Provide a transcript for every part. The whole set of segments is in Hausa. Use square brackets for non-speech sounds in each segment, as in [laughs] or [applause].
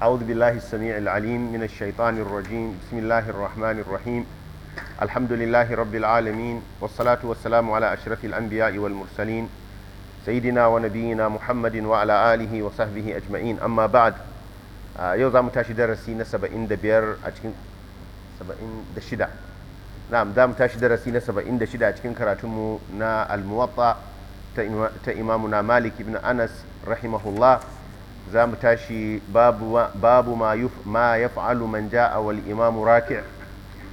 أعوذ بالله السميع العليم من الشيطان الرجيم بسم الله الرحمن الرحيم الحمد لله رب العالمين والصلاة والسلام على أشرف الأنبياء والمرسلين سيدنا ونبينا محمد وعلى آله وصحبه أجمعين أما بعد يوزع متاشي درسي نسبة إن دبير أتكن سبعين دشدة نعم دام تاشي درسي نسبة إن دشدة أتكن كراتمو نا الموطأ تا إمامنا مالك بن أنس رحمه الله za mu tashi babu ma ya fa'alu man ja'a wal imamu raki'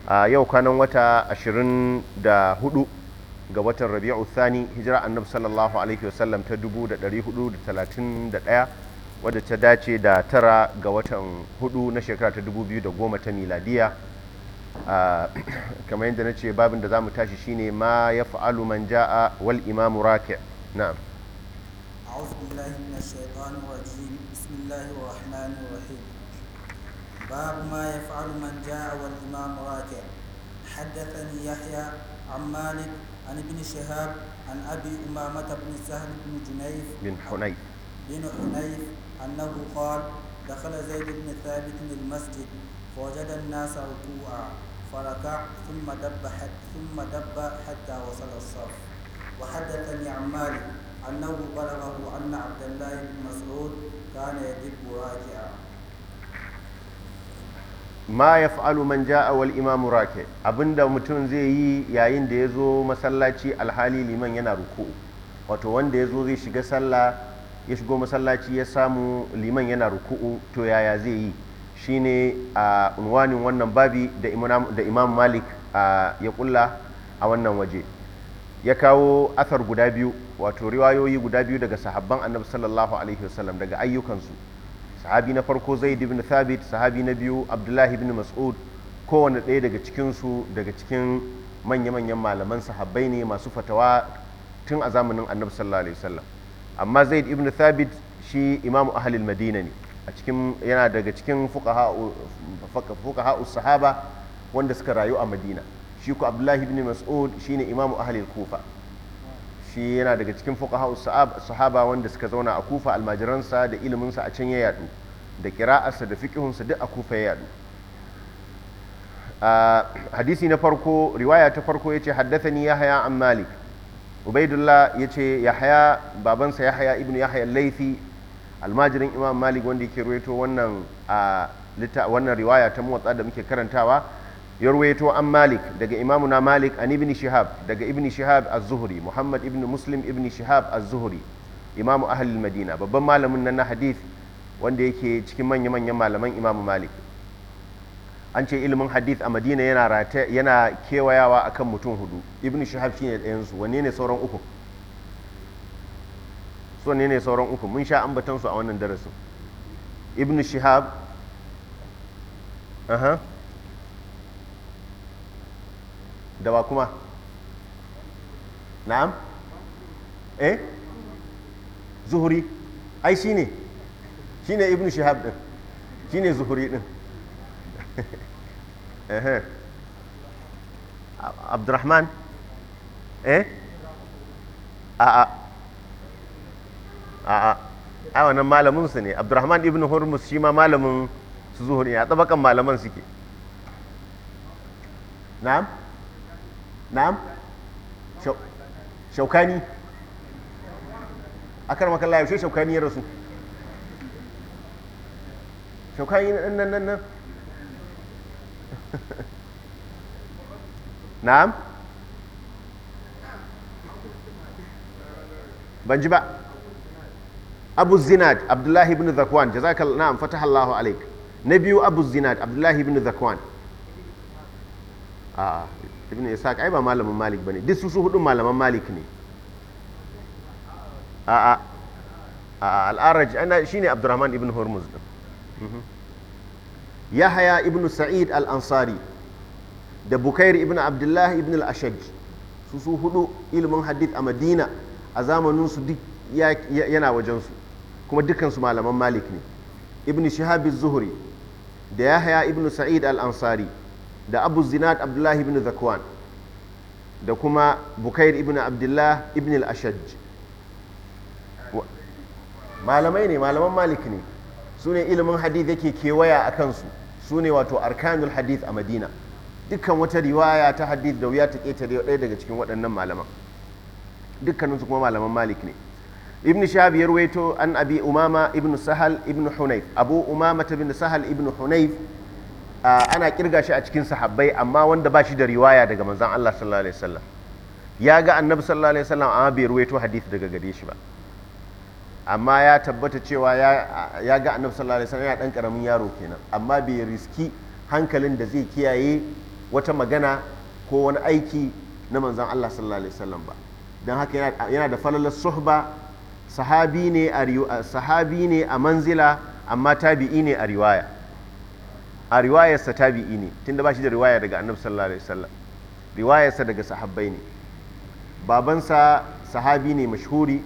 a yau kanan wata 24 ga watan rabi'u thani hijira annabi sallallahu alaihi wasallam ta 1431 wadda ta dace da tara ga watan hudu na shekara ta 2010 ta miladiya [clears throat] kamar yadda na ce babin da za mu tashi shine ma ya fa'alu man ja'a wal imamu raki' na'am أعوذ بالله من الشيطان الرجيم الله الرحمن الرحيم باب ما يفعل من جاء والإمام راكع حدثني يحيى عن مالك عن ابن شهاب عن أبي أمامة بن سهل بن جنيف بن حنيف بن حنيف أنه قال دخل زيد بن ثابت المسجد فوجد الناس ركوعا فركع ثم دب ثم دب حتى وصل الصف وحدثني عن مالك أنه بلغه أن عبد الله بن مسعود ma ya raki'a ma man ja'a wal imamu rake abinda mutum zai yi yayin da ya zo masallaci alhali liman yana ruku'u wato wanda ya zo zai shiga sallah ya shigo masallaci ya samu liman yana ruku'u to yaya zai yi shi ne a unwanin wannan babi da imam malik ya kulla a wannan waje ya kawo athar guda biyu wato riwayoyi guda biyu daga sahabban annabi sallallahu alaihi wasallam daga ayyukansu sahabi na farko zaid ibn thabit sahabi na biyu abdullahi ibn mas'ud kowane ɗaya daga cikinsu daga cikin manya-manyan malaman sahabbai ne masu fatawa tun a zamanin annabi sallallahu alaihi wasallam amma zaid ibn thabit shi imamu ahlil madina ne a cikin yana daga cikin fuqaha sahaba wanda suka rayu a madina shi ku abdullahi ibn mas'ud shi shine imamu ahalil kufa shi yana daga cikin fuqaha sahaba wanda suka zauna a kufa almajiransa da iliminsa a can ya yadu da kira'arsa da fikihunsa duk a kufa ya yadu ah, hadisi na farko riwaya ta farko yace haddathani haya an malik ubaidullah yace haya babansa haya ibn yahya laifi almajirin imam malik wanda yake ruwaito wannan ah, wannan riwaya ta muwatsa da muke karantawa Yarwaito an malik daga imamuna malik an ibn shihab daga ibn shihab az-zuhri muhammad ibn muslim ibn shihab az-zuhri imamu ahlul madina babban malamin nan na hadith wanda yake cikin manya-manyan malaman imamu malik an ce ilimin hadith a madina yana rata yana kewayawa akan mutum hudu ibn shihab shine ɗayan su ne sauran uku so ne sauran uku mun sha ambatan su a wannan darasin ibn shihab da ba kuma na'am eh zuhuri ai shine ne Ibn shihab din shine zuhuri din [laughs] eh abdurrahman eh a'a a'a a wannan malamin su ne abdurrahman ibn hurmus shi ma malamin su zuhuri a tabakan malaman suke na'am na'am shaukani akar makalla yaushe shaukani ya rasu shaukani nan nan nan [laughs] na'am ban ji ba abu zinad abdullahi ibn zakwan jazakal na'am fatahallahu alaik na biyu abu zinad abdullahi ibn zakwan a ah, ibn isaac ai ba malamin malik bane duk su su hudun malaman malik ne a a al'araji ana ne abdurrahman ibn hormuz din haya mhm. ibn sa'id al-ansari da bukair ibn Abdullahi ibn al-ashaj su su hudu ilimin hadith a madina a zamanin su duk yana wajen kuma dukkan malaman malik ne ibn shihab az-zuhri da Yahaya ibn sa'id al-ansari da abu zinad abdullahi ibn zakwan da kuma bukair ibn abdullah ibn al-ashaj malamai ne malaman malik ne su ne ilimin hadith yake kewaya a kansu su ne wato arkanul hadith a madina dukkan wata riwaya ta hadith da wuya ta ƙetare ɗaya daga cikin waɗannan malaman dukkaninsu kuma malaman malik ne ibn shahab ya ruwaito an abi umama ibn sahal ibn hunayf abu umama ta bin sahal ibn hunayf ana kirga shi a cikin sahabbai amma wanda ba shi da riwaya daga manzan Allah sallallahu alaihi wasallam ya ga annabi sallallahu alaihi wasallam amma bai ruwaito hadith daga gare shi ba amma ya tabbata cewa ya ga annabi sallallahu alaihi wasallam ya dan karamin yaro kenan amma bai riski hankalin da zai kiyaye wata magana ko wani aiki na manzan Allah sallallahu alaihi wasallam ba don haka yana da falalar suhba sahabi ne a manzila amma tabi'i ne a riwaya a riwayarsa tabi'i ne tunda ba shi da riwaya daga annabi sallallahu alaihi wasallam riwayarsa daga sahabbai ne babansa sahabi ne mashhuri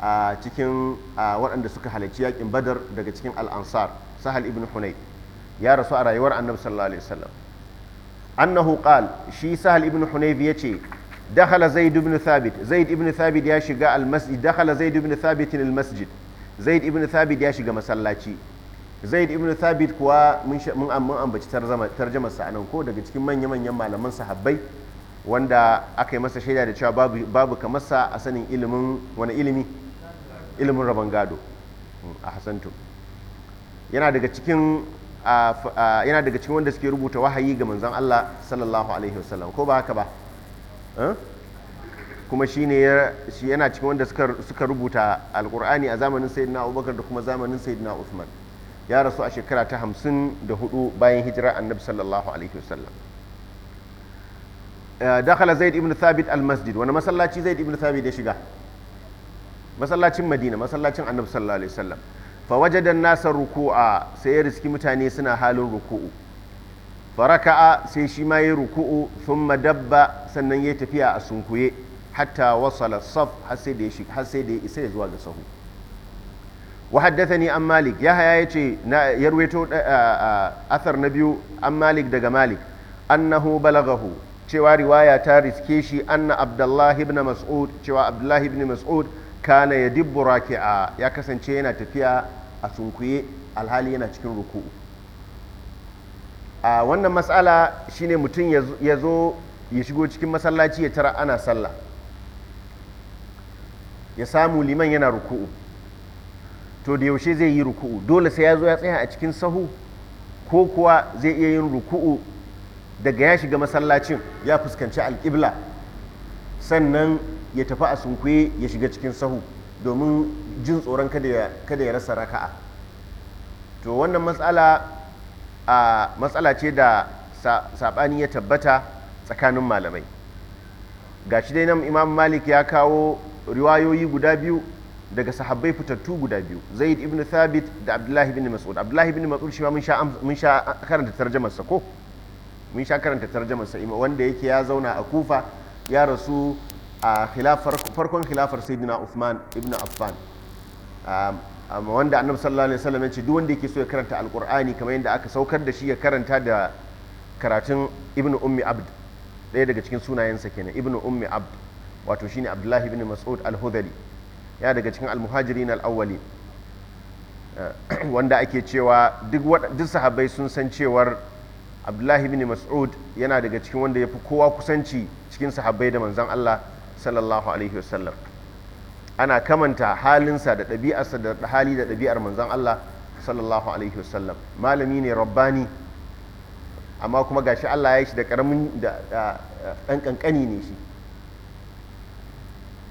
a cikin waɗanda suka halarci yakin badar daga cikin al'ansar sahal ibn hunay ya rasu a rayuwar annabi sallallahu alaihi wasallam annahu qal shi sahal ibn ya ce dakhala zaid ibn thabit zaid ibn thabit ya shiga al-masjid dakhala zaid ibn thabit al-masjid zaid ibn thabit ya shiga masallaci zaid ibn thabit kuwa mun ambaci tarjamar sa anan ko daga cikin manya-manyan malaman sahabbai wanda aka yi masa shaida da cewa babu, babu sa a sanin ilimin wani ilimi ilimin rabon gado hmm, a hasantu yana daga cikin yana daga cikin wanda suke rubuta wahayi ga manzon Allah sallallahu alaihi wasallam ko ba haka ba eh? kuma shi ne yana cikin wanda suka rubuta alkur'ani a zamanin sayyidina abubakar da kuma zamanin sayyidina usman ya rasu a shekara ta hamsin da hudu bayan hijira annabi sallallahu alaihi wasallam dakhala zaid ibn thabit al masjid wani masallaci zaid ibn thabit ya shiga masallacin madina masallacin annabi sallallahu alaihi wasallam fa wajada nasa ruku'a sai ya riski mutane suna halin ruku'u faraka'a sai shi ma ya ruku'u thumma dabba sannan ya tafiya a sunkuye hatta wasala saf har sai da ya isa ya zuwa ga sahu wa ni an malik ya yace na yarwaito eh, eh, eh, asar na biyu an malik daga malik annahu balagahu cewa riwaya ta riske shi anna abdullahi ibn mas'ud cewa abdullahi ibn mas'ud kana yadibbu a ya kasance yana tafiya a sunkuye alhali yana cikin ruku'u a wannan matsala shine mutum ya zo ya shigo cikin masallaci ya tara ana sallah ya samu liman yana ruku'u to da yaushe zai yi ruku'u dole sai ya zo ya tsaya a cikin sahu ko kuwa zai iya yin ruku'u daga ya shiga masallacin ya fuskanci alƙibla sannan ya tafi a sunkuye ya shiga cikin sahu domin jin tsoron kada ya rasa raka'a to wannan matsala a matsala ce da saɓani ya tabbata tsakanin malamai gashi dai nan imam malik ya kawo riwayoyi guda biyu daga sahabbai fitattu guda biyu zaid ibn thabit da abdullahi ibn mas'ud abdullahi ibn mas'ud shi ma mun sha mun sha karanta tarjumar sa ko mun sha karanta tarjumar sa wanda yake ya zauna a kufa ya rasu a khilafar farkon khilafar sayyidina uthman ibn affan amma wanda annabi sallallahu alaihi wasallam ya ce duk wanda yake so ya karanta alqur'ani kamar yadda aka saukar da shi ya karanta da karatun ibn ummi abd daya daga cikin sunayensa kenan ibn ummi abd wato shine abdullahi ibn mas'ud al-hudali ya daga cikin almuhajirin al'awwali eh, [clears throat] wanda ake cewa duk sahabai sun san cewar abdullahi bin mas'ud yana daga cikin wanda ya fi kowa kusanci cikin sahabai da manzan allah sallallahu alaihi wasallam ana kamanta halinsa da ɗabi'arsa da hali da ɗabi'ar manzan allah sallallahu alaihi wasallam malami ne rabbani amma kuma gashi allah ya yi shi da ƙaramin da ɗan ƙanƙani ne shi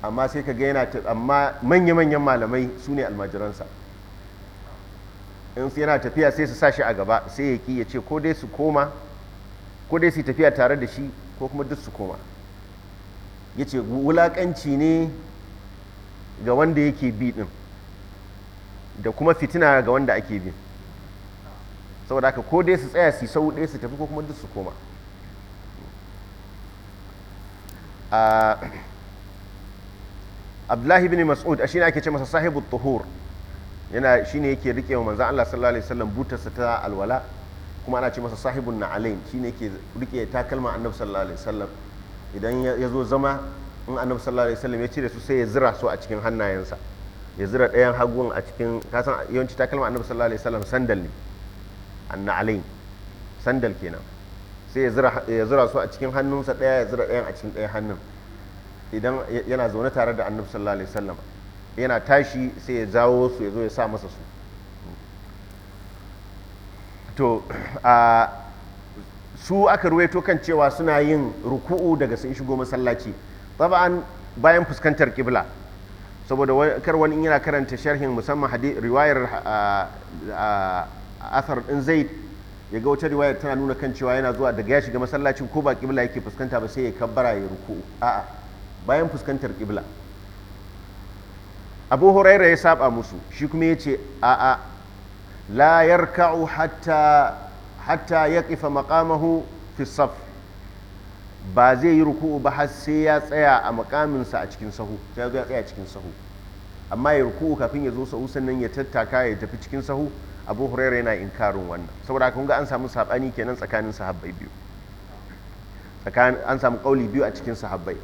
amma sai ka gaina yana amma manya-manyan malamai su ne almajiransa in yana tafiya sai su sa shi a gaba sai ya ki ya ce ko dai su koma ko dai su tafiya tare da shi ko kuma duk su koma ya ce wulaƙanci ne ga wanda yake bi din da kuma fitina ga wanda ake bi saboda haka ko dai su tsaya su sau ɗaya su tafi ko kuma duk su koma ah, abdullahi bin mas'ud shi ne ake ce masa sahibu tuhur yana shi ne yake rike wa manzan allah sallallahu alaihi wasallam butarsa ta alwala kuma ana ce masa sahibun na'alain shi ne yake rike takalma annabi sallallahu alaihi wasallam idan ya zo zama in annabi sallallahu alaihi wasallam ya cire su sai ya zira su a cikin hannayensa ya zira ɗayan hagun a cikin kasan yawanci takalma annabi sallallahu alaihi wasallam sandal ne anna'alain sandal kenan sai ya zira su a cikin hannunsa ɗaya ya zira ɗayan a cikin ɗaya hannun idan yana zaune tare da annabi sallallahu alaihi wasallam yana tashi sai ya zawo su ya zo ya sa masa su to a su aka ruwaito kan cewa suna yin ruku'u daga sun shigo masallaci taba'an bayan fuskantar kibla saboda kar wani yana karanta sharhin musamman riwayar athar din zai ya ga wata riwayar tana nuna kan cewa yana zuwa daga ya shiga masallacin ko ba kibla yake fuskanta ba sai ya kabbara ya ruku'u a'a bayan fuskantar ƙibla abu huraira ya saba musu shi kuma ya ce a'a a layar hatta hatta ya ƙifa makamahu fi ba zai yi ruku'u ba har sai ya tsaya a makaminsa a cikin sahu sai ya tsaya cikin sahu amma ya ruku'u kafin ya zo sahu sannan ya tattaka ya tafi cikin sahu abu huraira yana inkarin wannan saboda kun ga an samu saɓani kenan tsakanin sahabbai biyu an samu kauli biyu a cikin sahabbai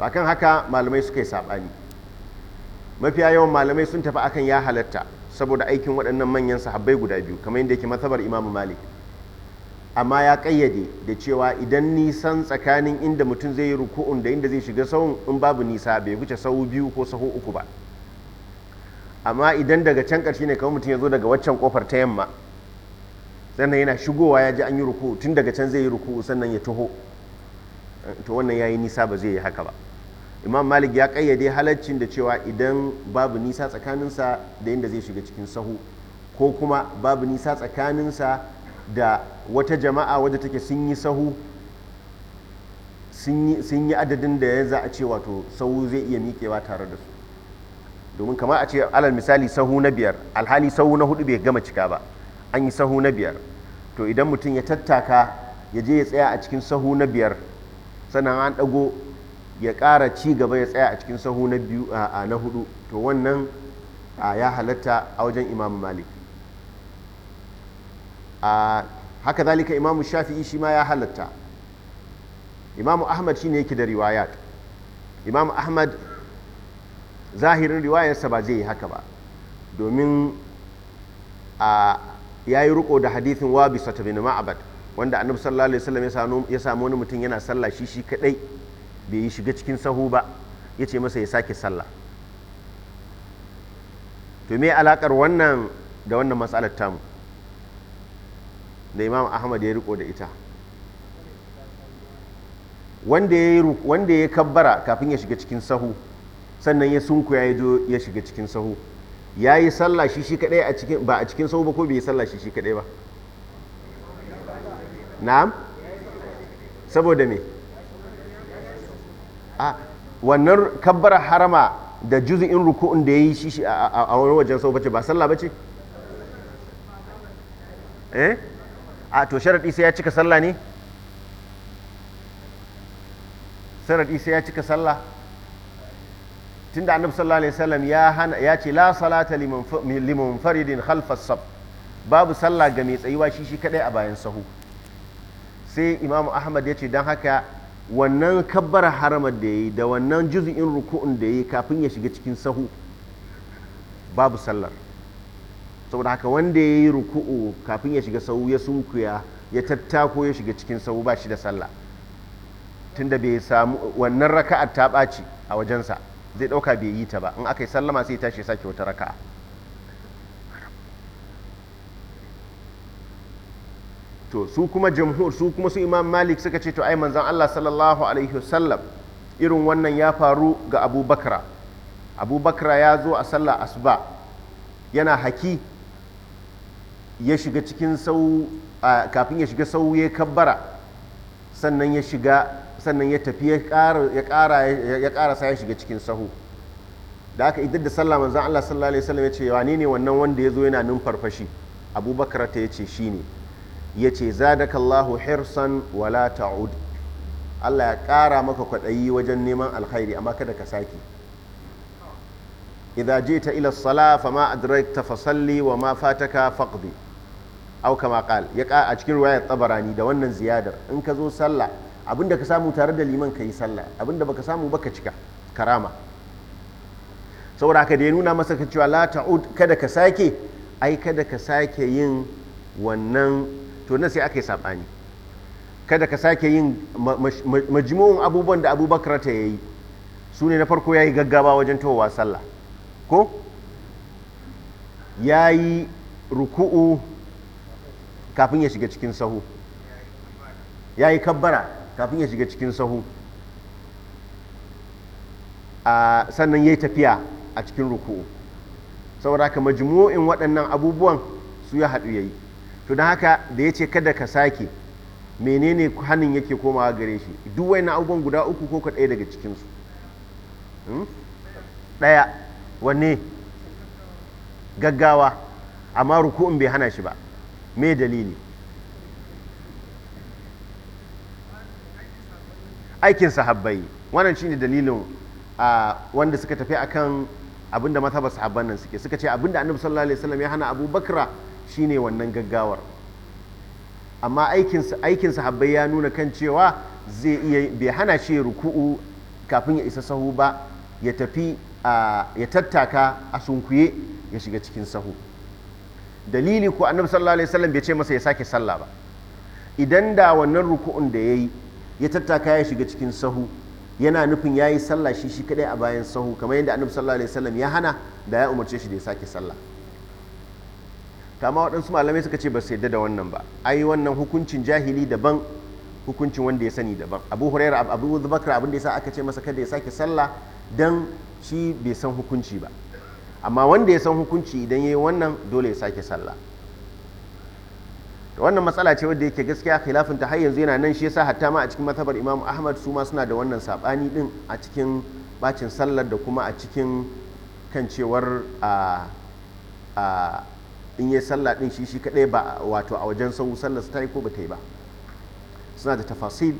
a kan haka malamai suka yi saɓani mafiya yawan malamai sun tafi akan ya halatta saboda aikin waɗannan manyan sahabbai guda biyu kamar yadda yake matsabar imamu malik amma ya ƙayyade da cewa idan nisan tsakanin inda mutum zai yi ruku'un da inda zai shiga sahun in babu nisa bai wuce sahu biyu ko sahu uku ba amma idan daga can ƙarshe ne kamar mutum ya zo daga waccan kofar ta yamma sannan yana shigowa ya ji an yi ruku'u tun daga can zai yi ruku'u sannan ya taho to wannan ya yi nisa ba zai yi haka ba imam malik ya kayyade halaccin da cewa idan babu nisa tsakaninsa da inda zai shiga cikin sahu ko kuma babu nisa tsakaninsa da wata jama'a wadda take sun yi sahu sun yi adadin da ya za a ce wato sahu zai iya miƙewa tare da su domin kamar a ce alal misali sahu na biyar alhali sahu na hudu bai gama cika ba an yi sahu na biyar to idan mutum ya tattaka ya je ya tsaya a cikin sahu na biyar sannan an ɗago ya ƙara ci gaba ya tsaya a cikin sahu na biyu a na hudu to wannan ya halatta a wajen imam malik haka zalika imamu shafi'i shi ma ya halatta imamu ahmad shi ne yake da riwayat imamu ahmad zahirin riwayarsa ba zai yi haka ba domin a ya yi riko da hadithin wabi sata bin ma'abad wanda annabi sallallahu alaihi wasallam ya samu wani mutum yana sallah shi shi kadai bai yi shiga cikin sahu ba ya ce masa ya sake sallah to me alakar wannan da wannan matsalar tamu da imam ahmad ya riko da ita wanda ya kabbara kafin ya shiga cikin sahu sannan ya sunku ya zo ya shiga cikin sahu ya yi sallah shi shi kadai a cikin ba a cikin sahu ba ko bai yi sallah shi shi kadai ba na'am saboda me a wannan kabbara harama da juzu'in ruku'un da ya yi shi a wani wajen sau bace ba sallah bace eh a to sharaɗi sai ya cika sallah ne sharaɗi sai ya cika sallah da annabi sallallahu alaihi wasallam ya hana ya ce la salata liman faridin khalfas sab babu sallah ga mai tsayuwa shi shi kadai a bayan sahu sai imamu ahmad ya ce don haka wannan kabbar haramar da ya yi da wannan juzu'in ruku'un da ya yi kafin ya shiga cikin sahu babu sallar saboda haka wanda ya yi ruku'u kafin ya shiga sahu ya sunkuya ya tattako ya shiga cikin sahu ba shi da sallah tunda bai samu wannan raka'ar ta ɓaci a wajensa zai ɗauka bai yi ta ba in aka yi sallama sai tashi sake wata raka'a to su kuma jamhur su kuma su imam malik suka ce to ai manzon Allah sallallahu alaihi wasallam irin wannan ya faru ga abubakar abubakar ya zo a sallar asuba yana haki ya shiga cikin sau kafin ya shiga sau ya kabbara sannan ya shiga sannan ya tafi ya ƙarasa ya shiga cikin sahu da aka idar da sallah manzon Allah sallallahu alaihi wasallam ya ce wa ne wannan wanda ya zo yana numfarfashi abubakar ta ya ce shi ne ya ce zadakallahu hirsan wala ta'ud Allah ya ƙara maka kwaɗayi wajen neman alkhairi amma kada ka sake idza jita ila sala fa ma adrakta wa ma fataka faqdi aw kama qal ya ka a cikin riwayar tabarani da wannan ziyadar in ka zo sallah abinda ka samu tare da liman kai sallah abinda baka samu baka cika karama saboda haka da ya nuna masa ka cewa la ta'ud kada ka sake ai kada ka sake yin wannan to nan sai aka yi saɓani kada ka sake yin majimun abubuwan da abubakar ta yayi su ne na farko ya yi gaggawa wajen towa sallah ko ya yi ruku'u kafin ya shiga cikin sahu ya yi kabbara kafin ya shiga cikin sahu sannan ya yi tafiya a cikin ruku'u saboda ka, majmu'in waɗannan abubuwan su ya haɗu ya yi to don haka da ya ce kada ka sake menene hannun yake komawa gare shi duk wani abubuwan guda uku ko kaɗai daga cikinsu hmm? ɗaya wanne gaggawa amma ruku'un bai hana shi ba me dalili aikin sahabbai wannan shine dalilin wanda suka tafi akan abinda ba sahabban nan suke suka ce abinda annabi sallallahu alaihi wasallam ya hana abubakra shine wannan gaggawar amma aikin sahabbai ya nuna kan cewa zai iya bai hana shi ruku'u kafin ya isa sahu ba ya tafi ya tattaka a sunkuye ya shiga cikin sahu dalili ko annabi sallallahu alaihi wasallam bai ce masa ya sake sallah ba idan da wannan ruku'un da yayi ya tattaka ya shiga cikin sahu yana nufin yayi sallah shi shi kadai a bayan sahu kamar yadda annabi sallallahu alaihi wasallam ya hana da ya umarce shi da ya sake sallah kama waɗansu malamai suka ce ba su yadda da wannan ba ai wannan hukuncin jahili daban hukuncin wanda ya sani daban abu huraira abu zubakar abin da ya sa aka ce masa kada ya sake sallah dan shi bai san hukunci ba amma wanda ya san hukunci idan ya yi wannan dole ya sake sallah wannan matsala ce wadda yake gaskiya khilafin ta har yanzu yana nan shi yasa hatta ma a cikin matabar Imam Ahmad su ma suna da wannan sabani din a cikin bacin sallar da kuma a cikin kan cewar in yi sallah din shi shi kadai ba wato a wajen sau su ta yi ko ba ta yi ba suna da tafasil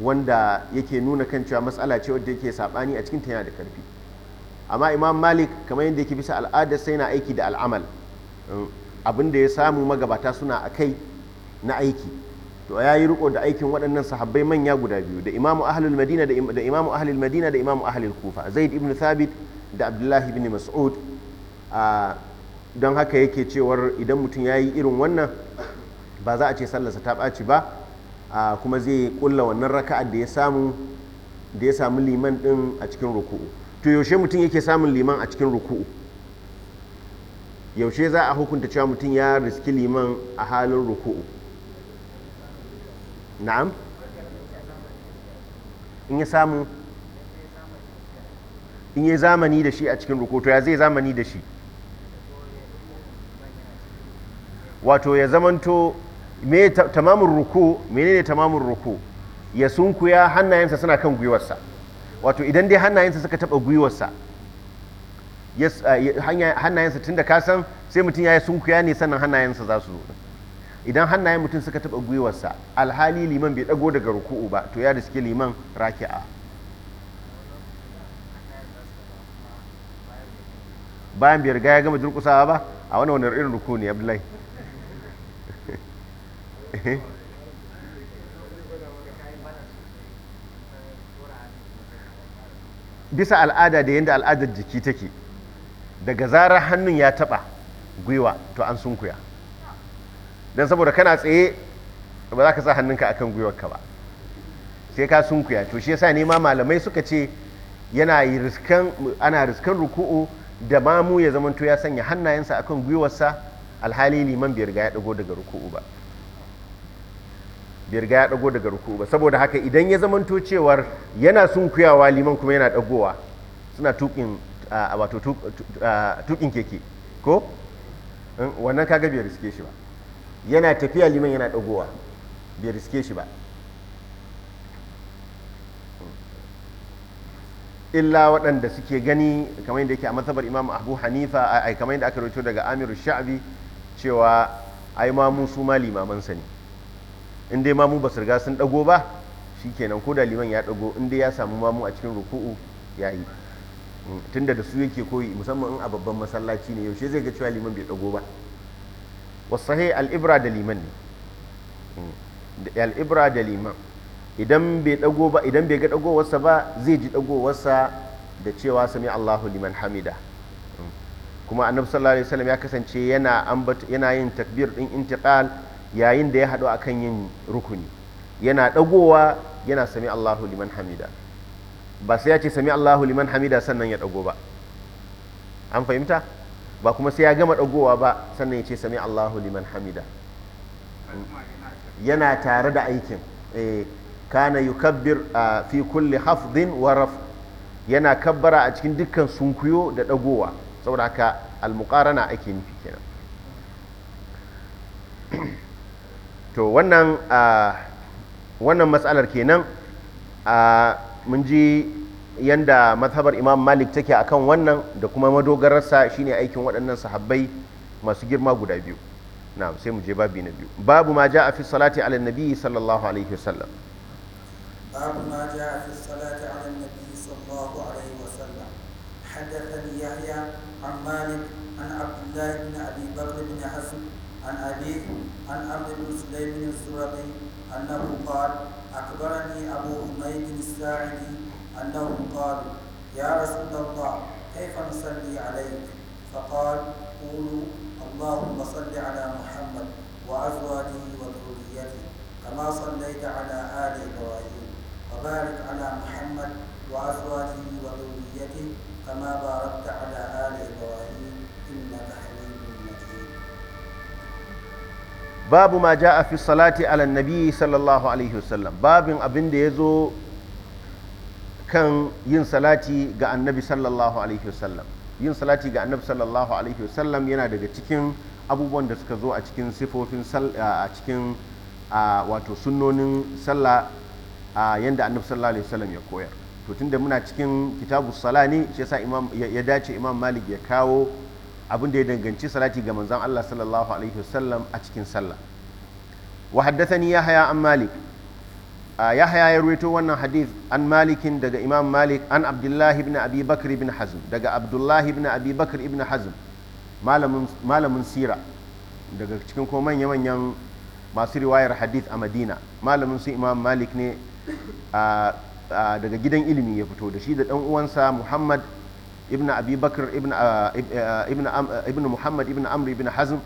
wanda yake nuna kan cewa matsala ce wadda yake sabani a cikin ta yana da karfi amma imam malik kamar yadda yake bisa al'ada sai na aiki da al'amal mm, abinda ya samu magabata suna a kai na aiki to ya yi riko da aikin waɗannan sahabbai manya guda biyu da imamu ahlul madina da imamu ahlul madina da imamu ahlul kufa zaid ibn thabit da abdullahi ibn mas'ud ah, don haka yake cewar idan mutum ya yi irin wannan ba za a ce sallarsa ta ɓaci ba kuma zai kulla wannan raka'ar da ya samu da ya samu liman ɗin a cikin ruku'u to yaushe mutum yake samun liman a cikin ruku'u yaushe za a hukunta cewa mutum ya riski liman a halin ruku'u na'am in ya samu in ya zamani da shi a cikin ruku'u to ya zai zamani da shi wato ya zamanto me tamamin ruku menene tamamin ruku ya sunkuya hannayensa suna kan gwiwarsa wato idan dai hannayensa suka taba gwiwarsa hannayensa tun da kasan sai mutum ya yi sunkuya ne sannan hannayensa za su zo idan hannayen mutum suka taba gwiwarsa alhali liman bai dago daga ruku'u ba to ya da suke liman raki'a bayan bai riga ya gama durkusawa ba a wani wani irin ruku ne abdullahi bisa al'ada da yadda al'adar jiki take daga zarar hannun ya taba gwiwa to an sunkuya don saboda kana tsaye ba za ka sa hannunka akan gwiwarka ba sai ka sunkuya to shi yasa nema malamai suka ce yana ana riskan ruku'u da mamu ya zamanto ya sanya hannayensa akan gwiwarsa alhali liman biyar ga ya dago daga ruku'u ba bai riga ya dago daga ruku ba saboda haka idan ya zamanto cewar yana sunkuyawa liman kuma yana dagowa suna tukin wato tukin keke ko wannan kaga bai riske shi ba yana tafiya liman yana dagowa bai riske shi ba illa waɗanda suke gani kamar yadda yake a matsabar imam abu hanifa a kamar yadda aka rawaito daga amiru sha'abi cewa ai ma mu su ma limamansa ne in dai mamu ba su riga sun dago ba shikenan ko da liman ya dago in dai ya samu mamu a cikin ruku'u ya yi mm, tunda da su yake koyi musamman in a babban masallaci ne yaushe zai ga cewa liman bai dago ba wasahi al'ibra da liman ne mm, al'ibra da liman idan bai dago ba idan bai ga dagowarsa ba zai ji dagowarsa da cewa sami Allahu liman hamida mm, kuma annabi sallallahu alaihi wasallam ya kasance yana yana yin takbir din intiqal yayin da ya haɗu akan yin rukuni yana ɗagowa yana sami Allahu liman hamida ba sai ya ce sami Allahu liman hamida sannan ya ɗago ba an fahimta ba kuma sai ya gama ɗagowa ba sannan ya ce sami Allahu liman hamida yana tare da aikin eh, kana yukabbir fi kulli hafdin wa raf yana kabbara a cikin dukkan sunkuyo da ɗagowa saboda haka almuqarana ake nufi kenan to wannan wannan matsalar kenan mun ji yanda mazhabar imam malik take akan wannan da kuma madogararsa shine aikin waɗannan sahabbai masu girma guda biyu na'am sai mu je babi na biyu babu ma a fi salati ala nabi sallallahu alaihi wasallam babu ma a fi salati ala nabi sallallahu alaihi wasallam حدثني يحيى عن مالك عن عبد الله بن ابي بكر بن حسن عن an عن عبد بن بن الزرقي أنه قال أخبرني أبو حميد الساعدي أنه قال يا رسول الله كيف نصلي عليك فقال قولوا اللهم صل على محمد وأزواجه وذريته كما صليت على آل إبراهيم وبارك على محمد وأزواجه وذريته كما باركت على آل إبراهيم babu ma ja a fi salati ala nabi sallallahu alaihi wasallam babin abin da ya zo kan yin salati ga annabi sallallahu alaihi wasallam yin salati ga annabi sallallahu alaihi wasallam yana daga cikin abubuwan da suka zo a cikin sifofin a cikin wato sunnonin sallah yanda annabi sallallahu alaihi wasallam ya koyar to tunda muna cikin kitabu sala ne shi yasa imam ya dace imam malik ya kawo abin da ya danganci salati ga manzon Allah sallallahu alaihi wasallam a cikin sallah wa haddathani yahya an malik yahya ya ruwaito wannan hadith an malikin daga imam malik an abdullahi ibn abi bakr ibn hazm daga abdullahi ibn abi bakr ibn hazm malamin malamin sira daga cikin ko manya manyan masu riwayar hadith a madina malamin su imam malik ne daga gidan ilimi ya fito da shi da dan uwansa muhammad ibn abi bakr uh, uh, uh, ibn muhammad ibn amr ibn hazm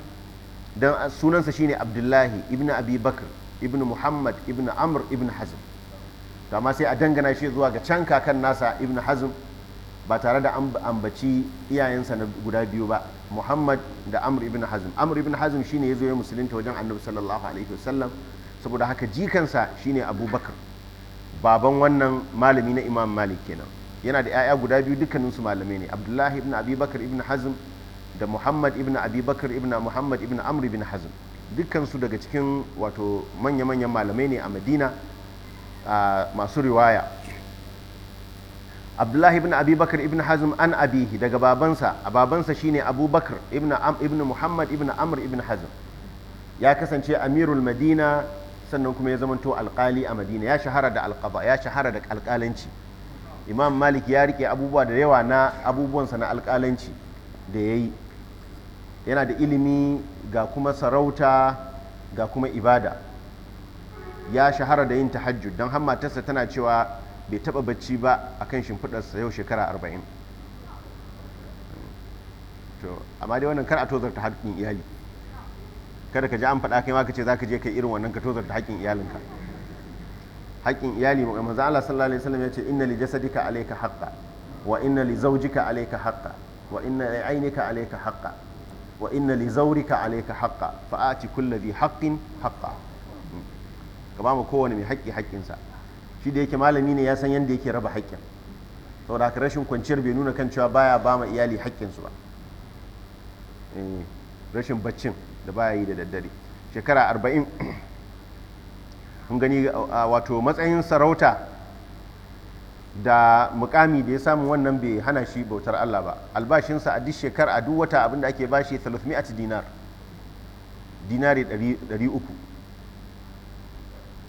dan sunansa shine abdullahi ibn abi bakr ibn muhammad ibn amr ibn hazm to amma sai a dangana shi zuwa ga can kakan nasa ibn hazm ba tare da ambaci iyayensa na guda biyu ba muhammad da amr ibn hazm amr ibn hazm shine yazo ya musulunta wajen annabi sallallahu alaihi wasallam saboda haka jikansa shine abubakar baban wannan malami na imam malik kenan yana da 'ya'ya guda biyu dukkaninsu malamai ne abdullahi ibn abubakar ibn hazm da muhammad ibn abubakar ibn muhammad ibn amr ibn hazm dukkansu daga cikin wato manya-manyan malamai ne a madina masu riwaya abdullahi ibn abubakar ibn hazm an abihi daga babansa a babansa shine abubakar ibn, ibn muhammad ibn amr ibn hazm ya kasance amirul madina sannan kuma ya zamanto alkali a madina ya shahara da alkaba ya shahara da alkalanci imam malik ya rike abubuwa da yawa na abubuwansa na alkalanci da ya yi yana da ilimi ga kuma sarauta ga kuma ibada ya shahara da yin tahajjud don hammatarsa tana cewa bai taba bacci ba a kan shimfiɗarsa yau shekara arba'in to amma dai wannan kar a tozarta haƙƙin iyali kada ka ji an faɗa kai ma ka ce za ka je kai irin wannan ka tozarta haƙƙin iyalinka haƙƙin iyali mu manzo Allah sallallahu alaihi wasallam ya ce inna li jasadika alayka haqqa wa inna li zawjika alayka haqqa wa inna li aynika alayka haqqa wa inna li zawrika alayka haqqa fa ati kulli bi haqqin haqqa ka ba mu kowane mai haƙƙi haƙƙinsa shi da yake malami ne ya san yanda yake raba haƙƙin saboda haka rashin kwanciyar bai nuna kan cewa baya ba ma iyali haƙƙinsu ba eh, rashin baccin da baya yi da daddare shekara arba'in kun gani wato matsayin sarauta da mukami da ya samu wannan bai hana shi bautar Allah ba albashinsa a duk shekar a duk wata abinda ake bashi 300 dinar dinari 300